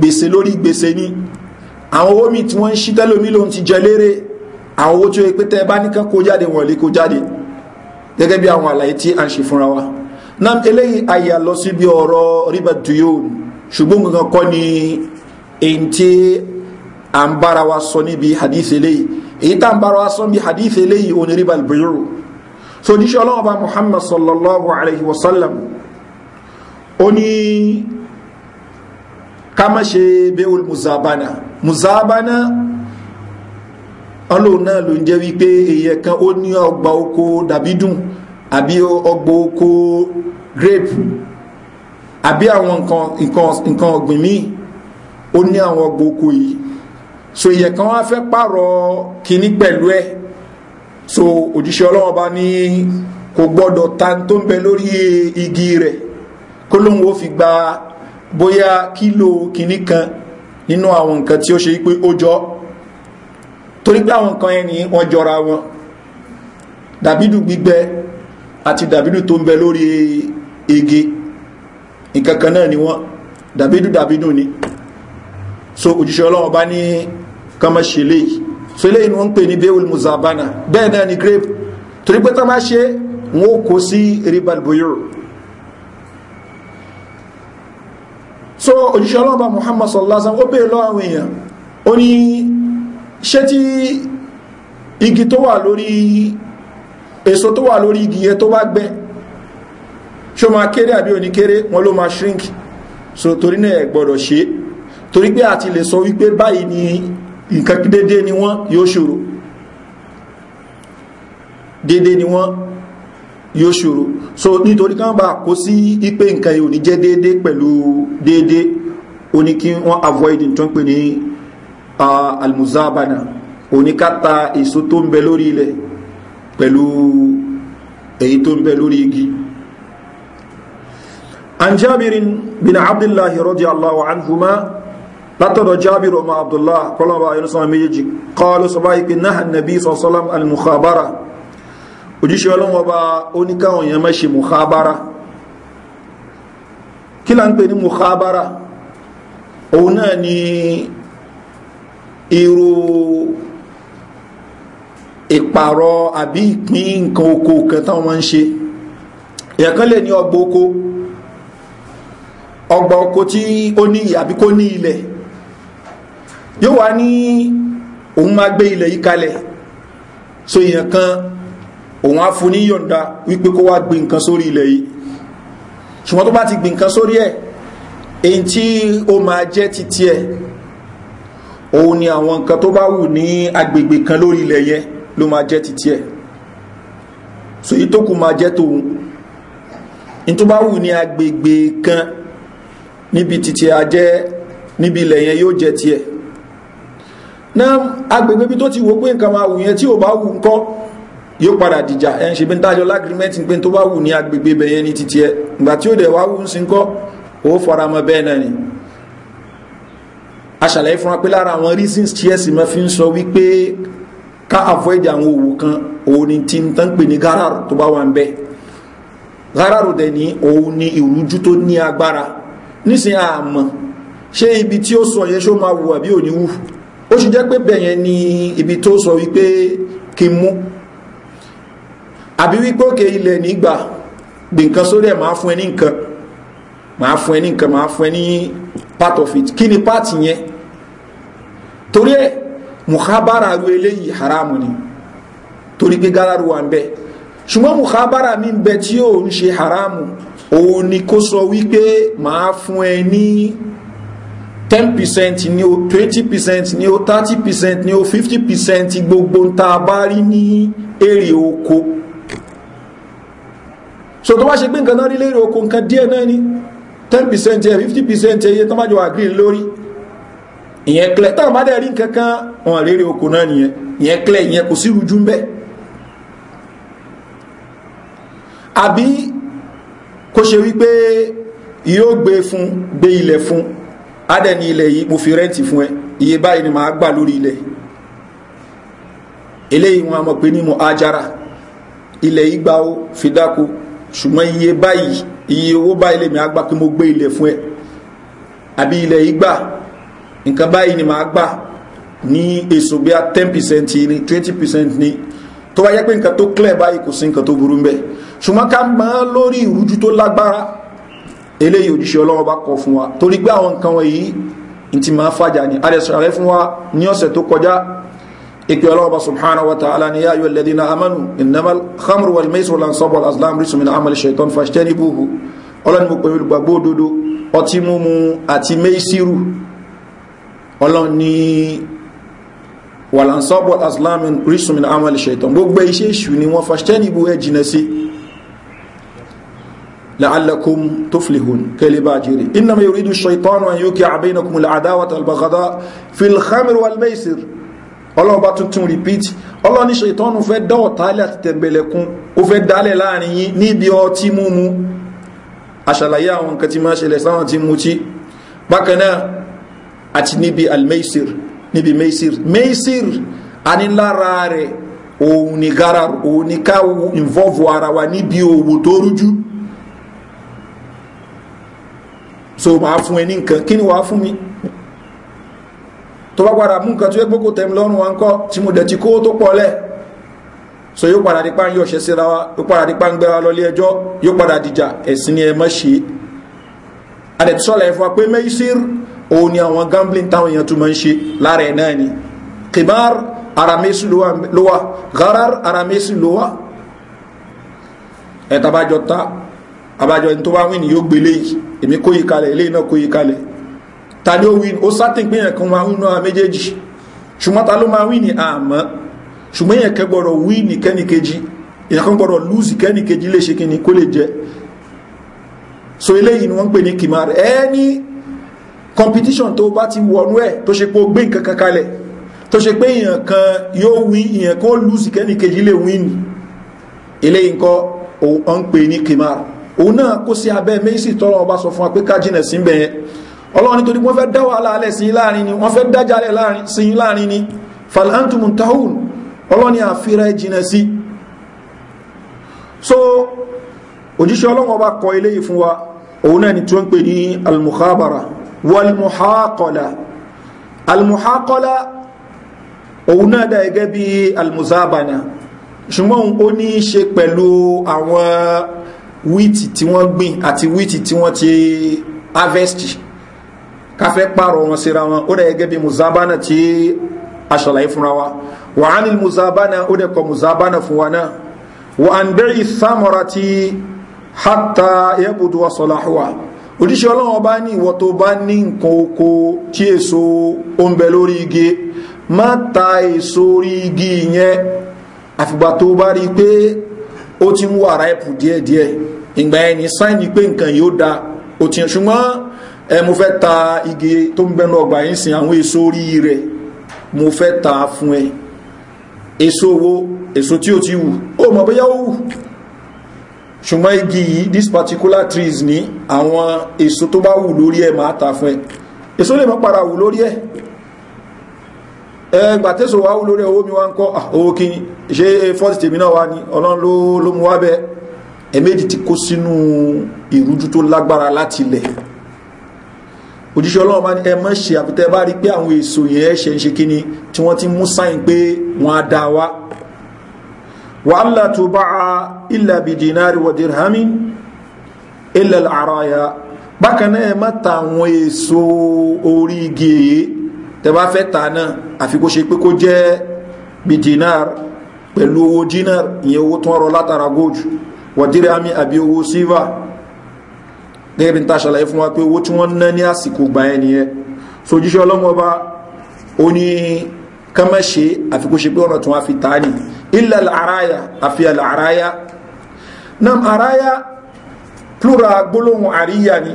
gbèsè lórí gbèsè ní àwọn owó mi tí wọ́n ń ṣí tẹ́lómi lòun ti jẹ lérè àwọn owó tí ó pé tẹ́ bá nìkan kó jáde wọ́n lè kó jáde gẹ́gẹ́ bí àwọn àlàyé tí a ń ṣe fúnra wa náà eléyìí àyà lọ sí bí ọ̀rọ̀ ríbà tuyó ṣùgbọ́n nǹkan kọ́ ni èyí tí a ń bára wa sọ níbi hadith eléyìí èyí tá ń bára wa sọ níbi hadith eléyìí òní ríbà bìrù so jíṣẹ́ ọlọ́wọ́ bá muhammad sallallahu alaihi wasallam ó ní ká má ṣe bewul muzabana muzabana ọlọ́run náà ló ń jẹ́ wípé èyẹ kan ó ní ọgbà oko dàbídùn àbí ọgbà oko grape àbí àwọn nǹkan ọ̀gbìn míì ó ní àwọn ọgbà oko yìí so èyẹ kan wá fẹ́ pààrọ̀ kínní pẹ̀lú ẹ̀ so òjíṣẹ́ ọlọ́wọ́n bá ní kò gbọ́dọ̀ ta tó ń bẹ lórí igi rẹ̀ kó lóun ó fi gba bóyá kílò kìíní kan nínú àwọn nǹkan tí ó ṣe pé ó jọ torí pé àwọn nǹkan ẹni wọ́n jọra wọn dàbídù gbígbẹ àti dàbídù tó ń bẹ lórí igi nǹkan kan náà ni wọ́n dàbídù dàbídù ni so òjíṣẹ́ ọlọ́wọ́n bá ní kọ́mọ́ṣẹ́lẹ́yìí so eléyìí ni wọ́n ń pè ní bewul muzabana bẹ́ẹ̀ náà ni grape torí pé tán ṣe wọn ó kó sí ribal buyur so òjíṣẹ́ ọlọ́ọ̀bá muhammad sallallahu alaihi wasallam ó bèèrè lọ́wọ́ àwọn èèyàn ó ní ṣé tí igi tó wà lórí èso tó wà lórí igi yẹn tó bá gbẹ ṣó máa kéré àbí òní kéré wọn ló máa shrink so torí náà ẹ gbọ́dọ̀ ṣe torí pé àti lè sọ wípé báyìí ni nǹkan dédé ni wọ́n yóò ṣòro dédé ni wọ́n yóò ṣòro so nítorí kan bá kó sí ipe nǹkan yóò ní jẹ́ dédé pẹ̀lú dédé o ní kí wọ́n avoid tó ń pè ní almuzabana o ní ká ta èso tó ń bẹ lórí ilẹ̀ pẹ̀lú èyí tó ń bẹ lórí igi an jabirin bin abdullahi radiyallahu anhuma látọ̀dọ̀ jábìrò ọmọ abdullah kọlọ́ba ayọ́nusọ́mọ méjèèjì kọ́ọ̀lù sọ báyìí pé náà nàbí sọ́sọ́lám al-mukhabara òjíṣẹ́ ọlọ́wọ́ bá oníkàwọn èèyàn mẹ́ṣe mukhabara kí là ń pè ní mukhabara òun náà ni irú ìpàrọ̀ àbí ìpín nǹkan oko kan táwọn máa ilẹ̀ yóò wá ní òun máa gbé ilẹ̀ yìí kalẹ̀ so èèyàn kan òun á fún ní yọ̀ǹda wípé kó wá gbin nǹkan sórí ilẹ̀ yìí ṣùgbọ́n tó bá ti gbin nǹkan sórí ẹ̀ èyí tí ó máa jẹ́ titi ẹ̀ òun ni àwọn nǹkan tó bá wù ní agbègbè kan lórí ilẹ̀ yẹn ló máa jẹ́ titi ẹ̀ so èyí tó kù máa jẹ́ tòun ní tó bá wù ní agbègbè kan níbi titi ajẹ́ níbi ilẹ̀ yẹn yóò jẹ́ tiẹ̀ náà agbègbè bí tó ti wò pé nǹkan máa wù yẹn tí ò bá wù ńkọ́ yóò padà dìjà ẹ̀ ń ṣe bí ń dájọ́ lágrímẹ́ntì pé tó bá wù ní agbègbè bẹ̀yẹn ní títí ẹ ìgbà tí ó dẹ̀ wá wù ń sin ó fara mọ́ bẹ́ẹ̀ náà ni aṣàlàyé fúnra pé lára àwọn reasons tí ẹ̀sìn máa fi ń sọ wípé ká avoid àwọn òwò kan òun ni tí n tán pè ní gáràrò tó bá wà ń bẹ́ẹ̀ gáràrò dẹ̀ ní òun ni ìrújú tó ní agbára nísìnyí àmọ́ ṣé ibi tí ó sọ yẹn ṣó máa wù àbí òní wù ó ṣe jẹ́ pé bẹ̀yẹn ni ibi tó sọ wípé kí mú àbí wípé òkè ilẹ̀ nígbà bí nǹkan sórí ẹ̀ máa fún ẹ ní nǹkan máa fún ẹ ní nǹkan máa fún ẹ ní part of it kí ni part yẹn torí ẹ muhabara ru eléyìí haramu ni torí pé gararu wà ń bẹ ṣùgbọ́n muhabara mi ń bẹ tí ó ń ṣe haramu òun ni kó sọ wípé máa fún ẹ ní ten percent ni o twenty percent ni o thirty percent ni o fifty percent gbogbo ta bá rí ní èrè oko so tó bá ṣe pé nǹkan náà rí lérè oko nǹkan díẹ̀ náà ni ten percent ẹ fifty percent ẹ tó bá jọ agree lórí ìyẹn clear táwọn bá dẹ̀ rí nǹkan kan wọn lérè oko náà nìyẹn ìyẹn clear ìyẹn kò sí rújú ń àbí kó ṣe wípé yóò gbé fún gbé ilẹ̀ fún adẹ̀ ni ilẹ yìí mo fi rẹ́ǹtì fún ẹ iye báyìí ni màá gbà lórí ilẹ̀ eléyìí wọn a pé ní mo ajara ilẹ̀ yìí gbà ó fi dáko ṣùgbọ́n iye báyìí iye owó báyìí lèmi á pé mo gbé fún ẹ àbí ilẹ̀ yìí gbà nǹkan báyìí ni màá gbà ní èso ten percent ni twenty percent ni tó wáyé pé nǹkan tó clear báyìí kò sí nǹkan tó burú ń bẹ ṣùgbọ́n ká lagbara. eléyìí òjíṣẹ́ ọlọ́run bá kọ fún wa torí pé àwọn nǹkan wọ̀nyí n ti máa fàjà ní adẹ̀sọ̀rẹ́ fún wa ní ọ̀sẹ̀ tó kọjá ìpè ọlọ́run bá subhanahu wa ta'ala ni yáyọ lẹ́dínà amánu innamal khamru wal maisru lan sọ́bọ̀ aslam rísun min amal shaitan fashtẹ́ni búhu ọlọ́run لعلكم تفلحون كلبا جيري إنما يريد الشيطان أن يوقع بينكم العداوة البغضاء في الخمر والميسر ọlọ́run bá tuntun repeat ọlọ́run ní ṣètọ́nù fẹ́ dá ọ̀tálẹ̀ àti tẹ̀m̀bẹ̀lẹ̀kún ó fẹ́ dálẹ̀ láàrin yín níbi ọtí múmu aṣàlàyé àwọn nǹkan tí máa ṣẹlẹ̀ sáwọn tí mutí bákan náà àti níbi almeisir níbi meisir meisir anilára rẹ̀ òun ni garar òun ni ká involve ara wa níbi òwò tó rújú so máa fún ẹ ní nǹkan kí ni wàá fún mi tó bá padà mú nǹkan tó yẹ gbogbo tẹ̀mí lọ́rùn wa kọ́ tí mo dẹ̀ ti kó tó pọ̀ lẹ̀ so yóò padà dípa yóò ṣe síra wa yóò padà dípa ń gbéra lọlé ẹjọ́ yóò padà dìjà ẹ̀sìn ni ẹ má ṣe adẹ̀tísọ́lẹ̀ fún wa pé mẹ́sìr òun ni àwọn gambling táwọn èèyàn tún máa ń ṣe lára ẹ̀ náà ni kìbár ara mẹ́sì ló gharar ara mẹ́sì ló wà ẹ̀tàbájọ ta abájọ ẹni tó bá win yóò gbé léyìí èmi kó yìí kalẹ̀ eléyìí náà kó yìí kalẹ̀ ta ni ó win ó sátìn pé yẹn kan máa win náà méjèèjì ṣùgbọ́n ta ló máa win ní àmọ́ ṣùgbọ́n yẹn kẹ́ gbọ́dọ̀ win ní kẹ́nìkejì yẹn kan gbọ́dọ̀ lose kẹ́nìkejì lè ṣe kí ni kó lè jẹ so eléyìí ni wọ́n ń pè ní kìmárì ẹni competition tó bá ti wọnú ẹ̀ tó ṣe pé ó gbé nǹkan kan kalẹ̀ tó ṣe pé èèyàn kan yóò win èèyàn kan ó lose kẹ́nìkejì lè win eléyìí nǹkan òun ń pè ní kìmárì òun náà kó sí abẹ́ méjì tọ́lọ́ ọba sọ fún wa pé ká jìnà sí bẹ́ẹ̀ ọlọ́run nítorí wọ́n fẹ́ dá wàhálà alẹ́ sí láàrin ni wọ́n fẹ́ dájà alẹ́ sí láàrin ni falantumun tahun ọlọ́ni àfihàn jìnà sí so òjíṣẹ́ ọlọ́run ọba kọ ilé ìfún wa òun náà ni tí wọ́n pè ní almuhabara walmuhakọla almuhakọla òun náà dá ẹgẹ́ bí almuzabana ṣùgbọ́n ó ní í ṣe pẹ̀lú àwọn wíìtì tí wọ́n gbìn àti wíìtì tí wọ́n ti harvest káfẹ́ pààrọ̀ wọn síra wọn ó dẹ̀ gẹ́gẹ́ bí muzabana tí aṣàlàyé fúnra wa wà á ní muzabana ó dẹ̀ kọ muzabana fún wa náà wà á ń bẹ́ ìsámọ́ra ti hátà yẹ́bùdó wa sọ̀láhùwà òdíṣẹ́ ọlọ́wọ́ bá ní ìwọ tó bá ní nǹkan oko tí èso ó ń bẹ lórí igi má ta èso orí igi yẹn àfìgbà tó bá rí pé ó ti ń wà ráìpù díẹ̀díẹ̀ ìgbà ẹni sáìnì pé nǹkan yóò da ó ti ṣùgbọ́n ẹ mo fẹ́ ta igi tó ń bẹnu ọgbà yìí sin àwọn èso orí rẹ̀ mo fẹ́ ta fún ẹ èso wo èso tí ó ti wù ó mọ̀ bóyá ó wù ṣùgbọ́n igi yìí this particular trees ní àwọn èso tó bá wù lórí ẹ̀ máa ta fún ẹ èso lè mọ́ padà wù lórí ẹ̀ ẹgbà tẹ́sọ̀ wà wù lórí ẹ̀ owó mi wá ń kọ́ ah, owó kí ṣe fọ́ọ̀tì tèmi náà wá ní ọlọ́run ló mú wá bẹ́ẹ̀ ẹ̀mẹ́jì ti kó sínú ìrújú tó lágbára láti ilẹ̀ òjíṣẹ́ ọlọ́run bá ní ẹ mọ́ ṣe àfitẹ́ bá rí pé àwọn èso yẹn ẹ̀ṣẹ̀ ń ṣe kíni tí wọ́n ti mú sáyìn pé wọ́n á dá wa wàhálà tó bá a ilà bìdínárì wa dirhami ilà àráyà bákan náà ẹ má ta àwọn èso orí igi èyí tẹ bá fẹ́ ta náà àfi kó ṣe pé kó jẹ́ bìdínárì pẹ̀lú owó dínárì ìyẹn owó tó ń rọ látara góòjù wọ̀dírí àmì àbí owó sílvà gẹ́gẹ́ bí n ta ṣàlàyé fún wa pé owó tí wọ́n ná ní àsìkò gbà ẹ̀ nìyẹn so jíṣẹ́ ọlọ́mọba ó ní kama ṣe pé ọ̀nà tí wọ́n fi ta ní ilẹ̀ àráyà àfi àráyà nam àráyà plural gbólóhùn àríyà ni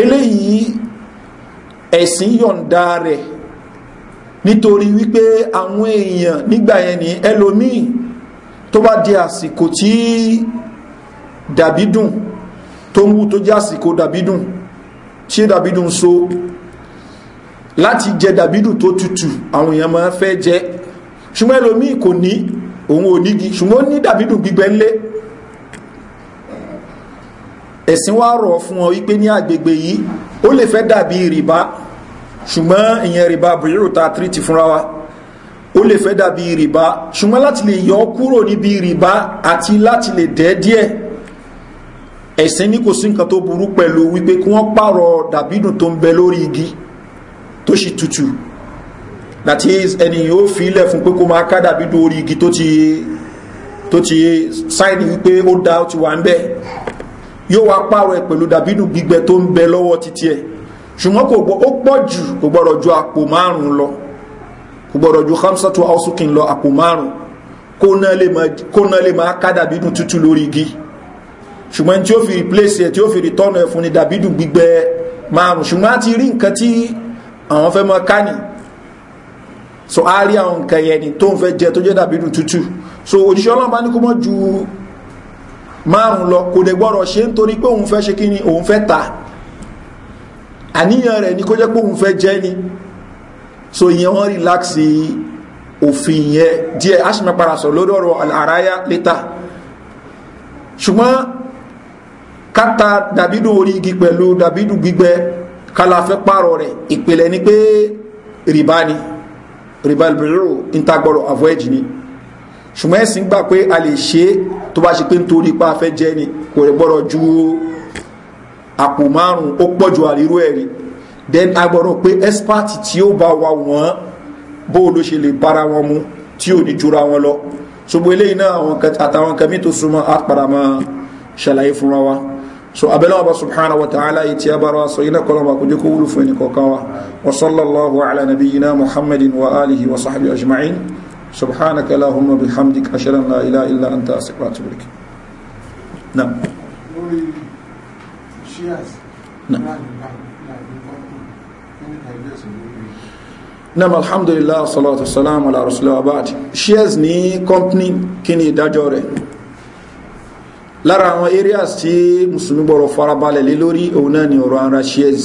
eléyìí ẹ̀sìn yọ̀ǹda rẹ̀ nítorí wípé àwọn èèyàn nígbà yẹn ẹlòmíì tó bá di àsìkò tí dàbídùn tó ń wú tó jẹ́ àsìkò dàbídùn tí dàbídùn so láti jẹ dàbídùn tó tutù àwọn èèyàn máa fẹ́ jẹ ṣùgbọ́n ẹlòmíì kò ní òun ò nígi ṣùgbọ́n ó ní dàbídùn gbígbẹ ńlé ẹ̀sìn wá rọ̀ fún ọ wípé ní agbègbè yìí ó lè fẹ́ dàbí rìbá ṣùgbọ́n ìyẹn rìbá bùrírù ta tírìtì fúnra wa ó lè fẹ́ dàbí rìbá ṣùgbọ́n láti lè yọ kúrò níbi rìbá àti láti lè dẹ́ díẹ̀ ẹ̀sìn ní kò sí nǹkan tó burú pẹ̀lú wípé kí wọ́n pààrọ̀ dàbídùn tó ń bẹ lórí igi tó sì tutù that is ẹni yóò fi ilẹ̀ fún pé kó máa ká dàbídùn orí igi tó ti tó wípé ó da ó ti wà ń bẹ̀ yóò wá pààrọ̀ ẹ̀ pẹ̀lú dàbídùn gbígbẹ tó ń bẹ lọ́wọ́ títí ẹ̀ ṣùgbọ́n kò gbọ́ ó pọ̀ jù kò gbọ́dọ̀ ju àpò márùn-ún lọ kò gbọ́dọ̀ ju hamsatu ausukin lọ àpò márùn kó náà lè máa ká dàbídùn tútù lórí igi ṣùgbọ́n tí ó fi replace ẹ̀ tí ó fi return ẹ̀ fún ni dàbídùn gbígbẹ márùn ṣùgbọ́n a ti rí nǹkan tí àwọn fẹ́ máa ká ní so a rí àwọn nǹkan yẹn ni tó ń fẹ́ jẹ tó jẹ́ dàbídùn tútù so òjíṣẹ́ ọlọ́mọba ní kó mọ́ ju márùn lọ kò dẹ̀ gbọ́dọ̀ ṣe ń torí pé òun fẹ́ ṣe kí ni òun fẹ́ ta àníyàn rẹ̀ ni kó jẹ́ pé òun fẹ́ jẹ́ ni so ìyẹn wọ́n relax òfin yẹn díẹ̀ a sì máa padà sọ lórí ọ̀rọ̀ àráyá létà ṣùgbọ́n káta dàbídù orí igi pẹ̀lú dàbídù gbígbẹ kálá fẹ́ pààrọ̀ rẹ̀ ìpìlẹ̀ ni pé rìbá ni rìbá ìbìrò ìtagbọ̀rọ̀ avoid ni ṣùgbọ́n ẹ̀sìn gbà pé a lè ṣe tó bá ṣe pé nítorí pa afẹ́ jẹ́ ni kò rẹ̀ gbọ́dọ̀ ju àpò márùn-ún ó pọ̀jù àríró ẹ̀rí then agbọ́dọ̀ pé expert tí ó bá wa wọ́n bó ló ṣe lè bára wọn mu tí ò ní jura wọn lọ ṣùgbọ́n eléyìí náà àtàwọn nǹkan mi tó súnmọ́ àpàdà máa ṣàlàyé fúnra wa so abẹ́lẹ́ ọba subhanahu wa ta'ala yìí tí a bára wa sọ iná kọlọ́mà kò jẹ́ kó wúlò fún ẹni kọ̀ọ̀kan wa wa sallallahu ala nabiyyina muhammadin wa alihi wa sahbihi ajma'in subhanaka allahumma bihamdika ashhadu an la ilaha illa anta astaghfiruka wa atubu ilaik na'am lórí shias na'am nam alhamdulillah salatu salam ala rasulillah abad shares ní company kí ni ìdájọ́ rẹ̀ lára àwọn areas tí musulmi gbọ́rọ̀ farabalẹ̀ lé lórí òun náà ni ọ̀rọ̀ ara shares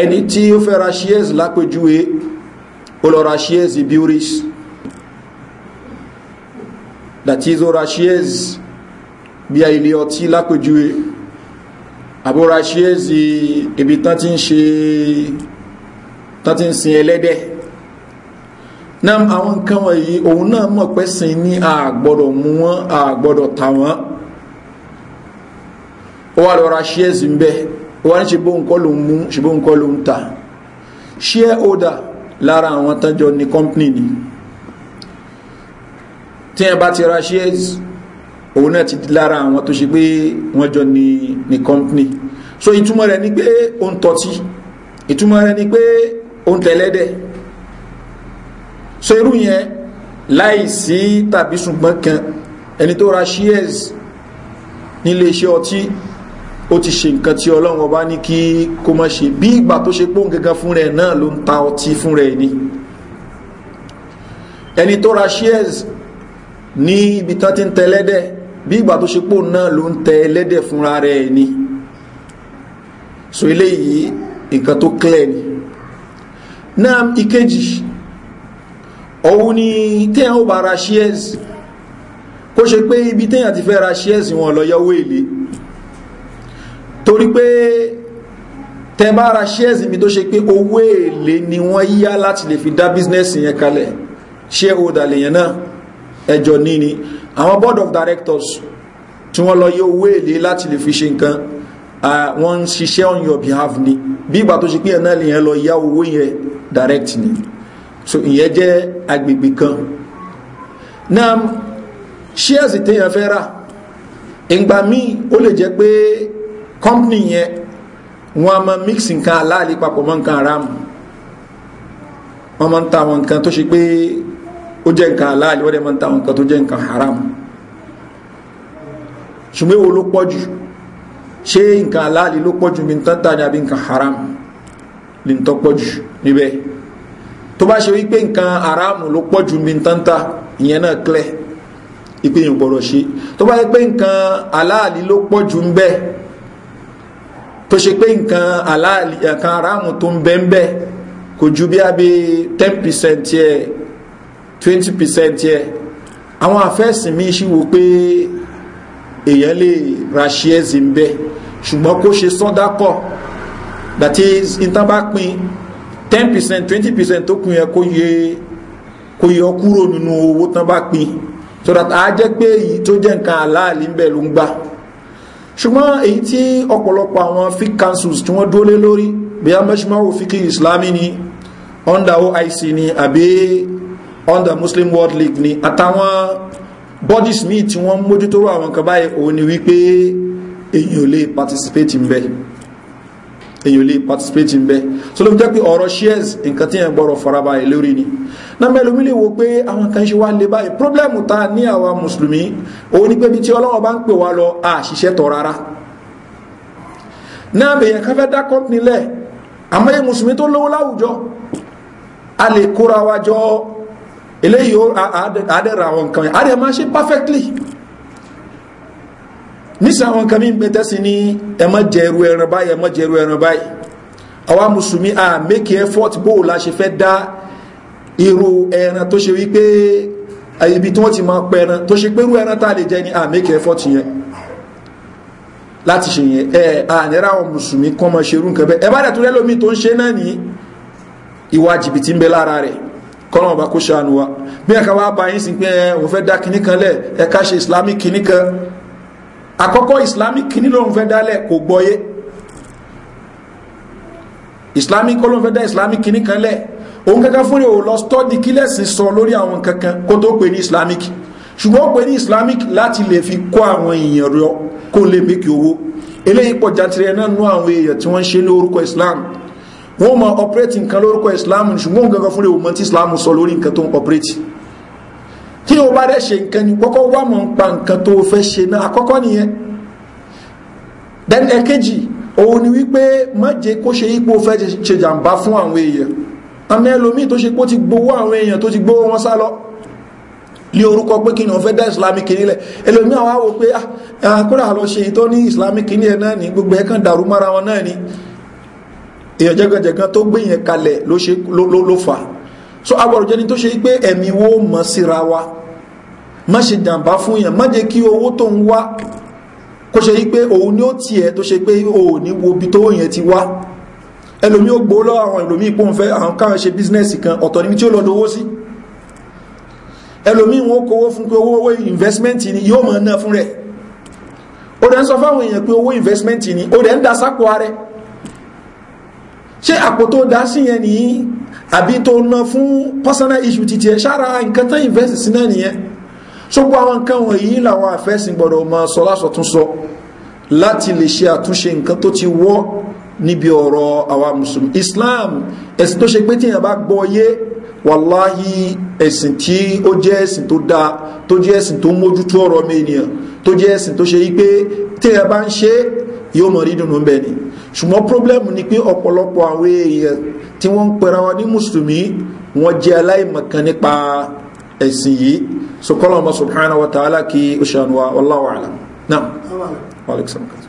ẹni tí ó fẹ́ ra shares lápẹjúwe ó shares iburis that is ó ra shares bí a ilé ọtí lápẹjúwe àbúra shares ibi tán ti ń ṣe tán ti ń sin ẹlẹ́dẹ̀ náà àwọn nǹkan wọ̀nyí òun náà mọ̀ pé sin ní àgbọ́dọ̀ mú wọn àgbọ́dọ̀ tà wọ́n ó wà lọ́ra ṣíẹ́sì ń bẹ́ ó wà ní ṣìbó nǹkan ló ń mú ṣìbó nǹkan ló ń ta shareholder lára àwọn tánjọ ní company ni tí ẹ bá ti ra shares òun náà ti di lára àwọn tó ṣe pé wọ́n jọ ní ní company so ìtumọ̀ rẹ̀ ni pé ó ń tọ́tí ìtumọ̀ rẹ̀ ni pé ó ń tẹlẹ́dẹ̀ so irú yẹn láì sí tàbí ṣùgbọ́n kan ẹni tó ra shears nílé iṣẹ́ ọtí ó ti ṣe nǹkan tí ọlọ́run ọba ní kí kó má ṣe bí ìgbà tó ṣe pọ́n gangan fún rẹ̀ náà ló ń ta ọtí fún rẹ̀ ni ẹni tó ra shears ní ibi tán ti ń tẹ ẹlẹ́dẹ̀ bí ìgbà tó ṣe pọ́n náà ló ń tẹ ẹlẹ́dẹ̀ fúnra rẹ̀ ni so eléyìí nǹkan tó clear ni náà ìkejì òun ni téèyàn ó bá ra shares kó ṣe pé ibi téèyàn ti fẹ́ ra shares wọn lọ yọwọ́ èlé torí pé tẹ́ bá ra shares mi tó ṣe pé owó èlé ni wọ́n yá láti lè fi dá business yẹn kalẹ̀ shareholder lèyàn náà ẹjọ́ ní ni àwọn board of directors tí wọ́n lọ yọ owó èlé láti lè fi ṣe nǹkan wọ́n ń ṣiṣẹ́ on your behalf ni bí ìgbà tó ṣe pé ẹ̀ náà lèyàn lọ yá owó yẹn direct ni so ìyẹn jẹ́ agbègbè kan náà shares téèyàn fẹ́ rà ìgbà míì ó lè jẹ́ pé company yẹn wọn a máa mix nǹkan aláàlí papọ̀ mọ́ nǹkan aráàmù wọn máa ń ta àwọn nǹkan tó ṣe pé ó jẹ́ nǹkan aláàlí wọ́n máa ń ta àwọn nǹkan tó jẹ́ nǹkan haram ṣùgbọ́n èwo ló pọ̀ jù ṣé nǹkan aláàlí ló pọ̀ jù mi ń tán tà ní àbí nǹkan haram ní tó pọ̀jù níbẹ̀ tó bá ṣe wípé nǹkan aráàmù ló pọ̀jù mi tántà ìyẹn náà clear ìpè yìí gbọ́dọ̀ ṣe tó bá yẹ pé nǹkan aláàlí ló pọ̀jù ń bẹ tó ṣe pé nǹkan aláàlí nǹkan aráàmù tó ń bẹ ń bẹ kò ju bí abẹ́ ten percent yẹ twenty percent yẹ àwọn afẹ́sìn mi ṣì wò pé èèyàn lè ra ṣíẹ́sì ń bẹ ṣùgbọ́n kó ṣe sọ́dákọ̀ that is ìtàn bá pín ten percent twenty percent tó kù yẹn kó yẹ kó yọ kúrò nínú owó tán bá pín so that a jẹ́ pé èyí tó jẹ́ nǹkan aláàlí ń bẹ̀ ló ń gbà ṣùgbọ́n èyí tí ọ̀pọ̀lọpọ̀ àwọn fic councils tí wọ́n dúró lé lórí bí a mẹ́ṣúmáwò fíkì islami ni under oic ni àbí under muslim world league ni àtàwọn bodies míì tí wọ́n mójútó àwọn kan báyìí òun ni wípé èyí ò lè participate ń bẹ́ẹ̀ èyàn lè participate ń bẹ́ so ló fi jẹ́ pé ọ̀rọ̀ shares nǹkan tí yẹn gbọ́rọ̀ farabalẹ̀ lórí ni náà lómi lè wo pé àwọn kan ṣe wá lè báyìí problem ta ní àwa mùsùlùmí òun ni pé bí tí ọlọ́wọ́ bá ń pè wá lọ àṣìṣẹ́ tọ̀ rárá náà bèèyàn kan fẹ́ dá company lẹ̀ àmọ́ yẹ mùsùlùmí tó lówó láwùjọ a lè kóra wa jọ eléyìí àádẹ́ra àwọn nǹkan yẹn a lè máa ṣe perfectly nísà àwọn kan mí pẹ́ tẹ́sí ní ẹ má jẹ ẹrù ẹran báyìí ẹ má jẹ ẹran báyìí àwa mùsùlùmí à make effort bó o la ṣe fẹ́ dá irú ẹran tó ṣe wípé ibi tí wọ́n ti máa pẹ ẹran tó ṣe pé irú ẹran tá a lè jẹ ni à make effort yẹn láti ṣe yẹn ẹ ànírà àwọn mùsùlùmí kọ́ máa ṣe irú nǹkan bẹ́ẹ̀ ẹ bá dẹ̀ tó lẹ́lómi tó ń ṣe náà ní ìwà jìbìtì ń bẹ lára rẹ̀ kọ́nà ọba kó ṣàánú wa bí ẹ̀ka wá bá yín sí pé òun fẹ́ dá kinní kan lẹ̀ ẹ̀ka ṣe islamic kinní kan àkọ́kọ́ islami kìíní ló ń fẹ́ dálẹ̀ kò gbọ́yé islami kó ló ń fẹ́ dá islamic kìíní kan lẹ̀ òun kankan fún rẹ̀ ò lọ stọ́dì kílẹ̀ sí sọ lórí àwọn kankan kó tó pè ní islamic ṣùgbọ́n ó pè ní islamic láti lè fi kó àwọn èèyàn rọ kó lè mékì owó eléyìí pọ̀ jantirẹ̀ náà nú àwọn èèyàn tí wọ́n ń ṣe lórúkọ islam wọ́n mọ ọpẹ́rẹ́tì nǹkan lórúkọ islam ṣùgbọ́n òun kankan fún rẹ̀ ò tí islam sọ lórí nǹkan tó ń ọpẹ́rẹ́tì tí o bá dẹ̀ ṣe nǹkan ni kọ́kọ́ wà mọ̀ nípa nǹkan tó o fẹ́ ṣe náà àkọ́kọ́ nìyẹn then ẹ̀kejì òun ni wípé má jẹ́ kó ṣe ipò fẹ́ ṣe jàǹbá fún àwọn èèyàn àmì ẹlòmíì tó ṣe pé ó ti gbowó àwọn èèyàn tó ti gbowó wọn sá lọ ní orúkọ pé kí ni wọ́n fẹ́ dá islamic nílẹ̀ ẹlòmíì àwọn àwò pé àkúrà ah, ah, lọ ṣe tó ní islamic ní ẹ náà ní gbogbo ẹ̀ kan dàrú mára wọn náà ni èèyàn jẹgànjẹgàn tó gbìyàn kalẹ̀ ló fà á so agbọ̀rọ̀ jẹni tó ṣe pé ẹ̀mí wo mọ̀ síra wa má ṣe jàǹbá fún yàn má jẹ́ kí owó tó ń wá kó ṣe pé òun ni ó tiẹ̀ tó ṣe pé òun ní wo bí tó yẹn ti wá ẹlòmí ó gbóòlọ́ àwọn ẹlòmí ìpóhùnfẹ́ àwọn káwọn ṣe bísínẹ́sì kan ọ̀tọ̀ níbi tí ó lọ lówó sí ẹlòmí wọn kówó fún pé owó owó investment ni yóò mọ̀ náà fún rẹ̀ ó dẹ̀ ń sọ fáwọn èèyàn pé owó investment ni ó dẹ̀ ń da sápò ara ṣé àpò tó dá sí yẹn nìyí àbí tó ná fún personal issue títí ẹ ṣára nǹkan tán invest sí náà nìyẹn ṣogbo àwọn nǹkan wọ̀nyí làwọn àfẹ́sìn gbọ́dọ̀ máa sọ lásọtúnsọ láti lè ṣe àtúnṣe nǹkan tó ti wọ́ níbi ọ̀rọ̀ àwa mùsùlùmí islam ẹ̀sìn tó ṣe pé tíyàn bá gbọ́ yé wàláhí ẹ̀sìn tí ó jẹ́ ẹ̀sìn tó dáa tó jẹ́ ẹ̀sìn tó mójútó ọ̀rọ̀ ọmọ ènìyàn tó jẹ́ ẹ̀sìn tó ṣe yí pé tíyàn bá ń ṣe yóò mọ̀ rí dùnú bẹ́ẹ̀ ni ṣùgbọ́n pọ́blẹ́mù ni pé ọ̀pọ̀lọpọ̀ àwọn èèyàn tí wọ́n ń pera wọn ní mùsùlùmí wọ́n jẹ́ aláìmọ̀kan nípa ẹ̀sìn yìí so ọmọ subhana wa ta'ala kí ó ṣàánú wa wallahu a'lam náà wà lè sọ̀rọ̀ kan.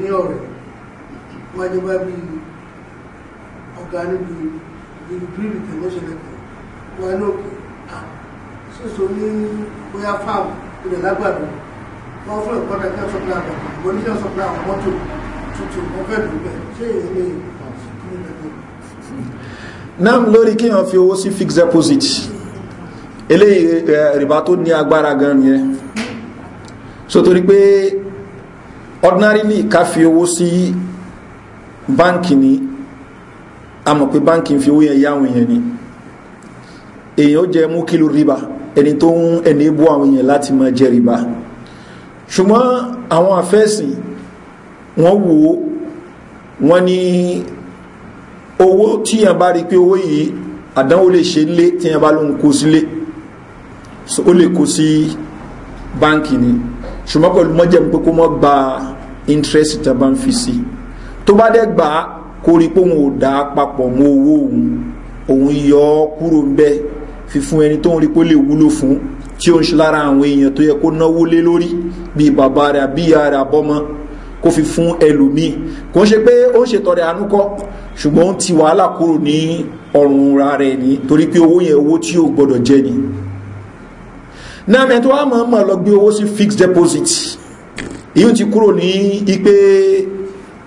ní ọ̀rẹ́ sísọ ní bóyá fáàmù ilẹ̀ lágbàdo wọ́n fún ìpọ́nà ẹgbẹ́ sọ́pìlà rẹ̀ mo ní jẹ́ sọ́pìlà àwọn mọ́tò tuntun wọ́n fẹ́ dùn bẹ́ẹ̀ ṣé èyí ni náà lórí kí wọ́n fi owó sí fixed deposit eléyìí rìbá tó ní agbára gan nìyẹn so torí pé ordinarily ká fi owó sí báńkì ni a mọ̀ pé báńkì fi owó yẹn yáwọn èèyàn ni èèyàn jẹ mú kìlú rìbá ẹni tó ń ẹni bú àwọn èèyàn láti máa jẹ rìbá ṣùgbọ́n àwọn afẹ́sìn wọ́n wò ó wọ́n ní owó tíyàn bá rí pé owó yìí àdánwò lè ṣe lé tíyàn bá lóun kó sílé ó lè kó sí báńkì ni ṣùgbọ́n pẹ̀lú mọ́jẹ̀mú pé kó mọ́ gba interest tí a bá ń fi sí tó bá dẹ́ gbà á kó rí pé òun ò dá papọ̀ mọ́ owó òun òun yọ ọ́ kúrò ń bẹ́ẹ̀ fífún ẹni tó ń rí pó lè wúlò fún tí ó ń ṣe lára àwọn èèyàn tó yẹ kó náwó lé lórí bíi bàbá rẹ̀ àbí ìyá rẹ̀ àbọ́mọ kó fi fún ẹlòmíì kò ń ṣe pé ó ń ṣètọrẹ àánú kọ́ ṣùgbọ́n ó ti wàhálà kúrò ní ọrùn ra rẹ̀ ní torí pé owó yẹn owó tí ò gbọ́dọ̀ jẹ́ ni náà mẹ́tọ́ wá mọ̀ mọ̀ lọ gbé owó sí fixed deposit ìyún ti kúrò ní ipé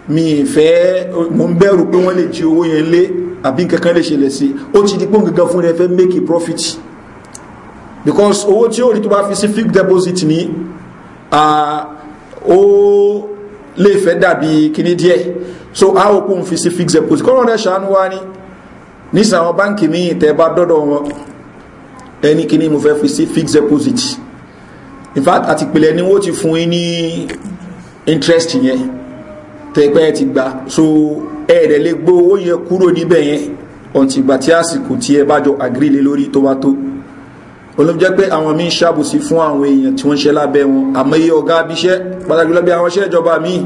mi ìfẹ́ mo ń bẹ̀rù pé wọ́n lè jí owó yẹn lé àbí nkankan lè ṣẹlẹ̀ sí ó ti di pé nkankan fún rẹ fẹ́ make a profit because owó tí ó rí tó bá fi sí fixed deposit ní ó lè fẹ́ dàbí kíní díẹ̀ so a ó kún fi sí fixed deposit kọ́nà rẹ̀ ṣàánú wá ní nísà àwọn báńkì míì tẹ́ bá dọ́dọ̀ wọn ẹni kíní mo fẹ́ fi sí fixed deposit in fact àtìpìlẹ̀ ni wọ́n ti fún yín ní interest yẹn tẹ́pẹ́ ti gba so ẹ̀ẹ̀dẹ̀ lè gbó owó yẹn kúrò níbẹ̀ yẹn ọ̀tí ìgbà tí àsìkò tí ẹ bá jọ àgírílẹ̀ lórí tó bá tó olóòjẹ́ jẹ́ pé àwọn míì ṣàbùsí fún àwọn èèyàn tí wọ́n ṣe lábẹ́ wọn àmọ́ iye ọ̀gá abiṣẹ́ pàtàkì lọ́bí àwọn iṣẹ́ ìjọba míì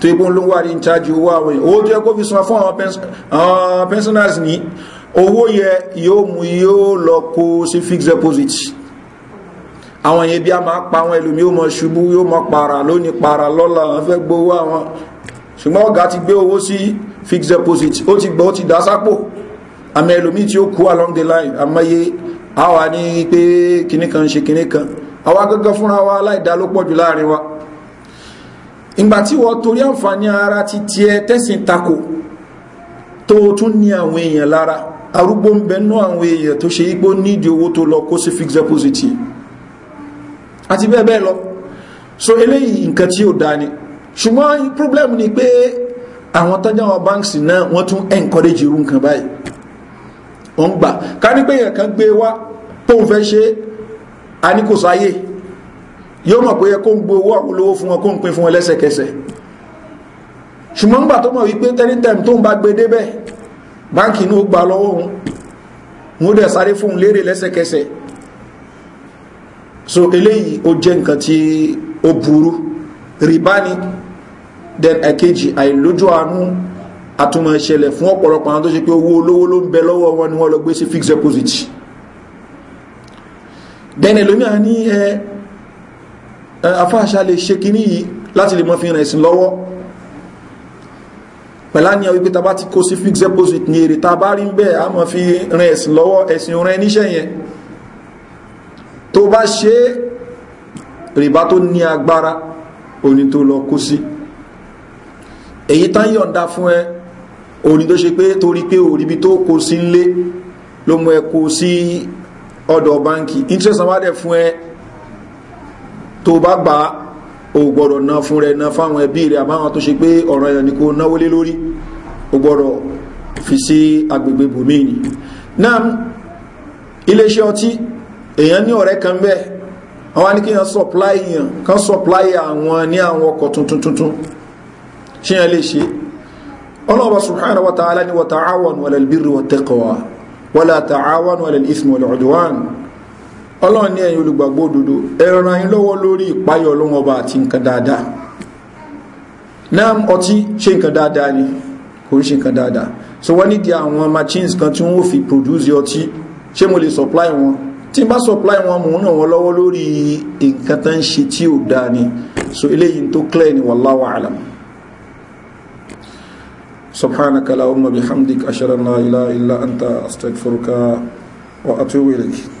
tó ipò ló wà ní ìtajú owó àwọn èèyàn owó tó yẹ kó fi san fún àwọn pensioners ní owó yẹ yóò mú yóò lọ kó sí fixed deposit àwọn yẹn bí a máa pa àwọn ẹlòmí yóò mọ ṣubú yóò mọ para lónìí para lọ́la wọn fẹ́ gbowó àwọn ṣùgbọ́n ọ̀gá ti gbé owó sí fixed deposit ó ti gbọ́ ó ti dá sápò àmì ẹlòmí tí ó kú along the line àmọ́yé àwa ní pé kinní kan ṣe kinní kan àwa gẹ́gẹ́ fúnra wa aláìdá ló pọ̀ jù láàrin wa ìgbà tí wọ́n torí àǹfààní ara ti tiẹ̀ tẹ̀sìn tako tó tún ní àwọn èèyàn lára arúgbó ń bẹ nú àwọn èèyàn tó ṣe yípo nídìí owó tó lọ kó sí fixed deposit àti bẹ́ẹ̀ bẹ́ẹ̀ lọ so eléyìí nǹkan tí ò dá ni ṣùgbọ́n problem ni pé àwọn tọ́jú àwọn báńkì náà wọ́n tún encourage irú nǹkan báyìí wọ́n gbà ká ní pé èèyàn kan gbé wá póun fẹ́ ṣe a ní kò sáyé yóò mọ̀ pé yẹ kó ń gbé owó àwòlówó fún wọn kó ń pín fún wọn ṣùgbọ́n nígbà tó mọ̀ wípé anytime tó ń bá gbé débẹ̀ báńkì inú gbà lọ́wọ́ òun wọ́n dẹ̀ sáré fún un lérè lẹ́sẹ̀kẹsẹ̀ so eléyìí ó jẹ́ nǹkan tí ó burú rìbá ni then ẹ̀kejì àìlójú àánú àtúmọ̀ ìṣẹ̀lẹ̀ fún ọ̀pọ̀lọpọ̀ àwọn tó ṣe pé owó olówó ló ń bẹ lọ́wọ́ wọn ni wọ́n lọ gbé sí fixed deposit then ẹlòmíà ní ẹ afáàṣà lè ṣe kíní yìí láti lè mọ́ fi ràn ẹ̀sìn lọ́wọ́ pẹ̀lá ni ọwọ́ ìpítà bá ti kó sí fixed deposit ní èrè tàbá rí ń a mọ́ fi rìn ẹ̀sìn lọ́wọ́ ẹ̀sìn rẹ̀ níṣẹ́ yẹn tó bá ṣe rìbá tó ní agbára oní tó lọ kó sí èyí tán yọ̀ǹda fún ẹ òní tó ṣe pé torí pé òríbi tó kó sí ń lé ló mú ẹ kó sí ọ̀dọ̀ báńkì interest wọn wá dẹ̀ fún ẹ tó bá gbà á o gbọ́dọ̀ ná fún rẹ ná fáwọn ẹbí rẹ àbáwọn tó ṣe pé ọ̀ràn ẹ̀yàn ni kò náwó lé lórí o gbọ́dọ̀ fi sí agbègbè bòmíì náà iléeṣẹ́ ọtí èèyàn ní ọ̀rẹ́ kan bẹ́ẹ̀ àwọn ní kí èèyàn supply yàn kan supply àwọn ní àwọn ọkọ̀ tuntun tuntun ṣe ẹ lè ṣe ọlọ́ọ̀bá subhanahu wa ta'ala ni wa ta'awanu ala albirri wa taqwa wala ta'awanu ala al-ithmi wal udwan ọlọ́run ní ẹ̀yin olùgbàgbọ́ òdodo ẹ ran yín lọ́wọ́ lórí ìpayọ̀ ọlọ́run ọba àti nǹkan dáadáa náà ọtí ṣe nǹkan dáadáa ni kò ń ṣe nǹkan dáadáa so wọ́n nídìí àwọn machines kan tí wọ́n fi produce ọtí bá supply wọn mò ń ràn lọ́wọ́ lórí nǹkan tó ṣe tí ò dáa ni so eléyìí tó clear ni wallahu alam. سبحانك اللهم بحمدك أشهد أن لا إله إلا أنت أستغفرك وأتوب إليك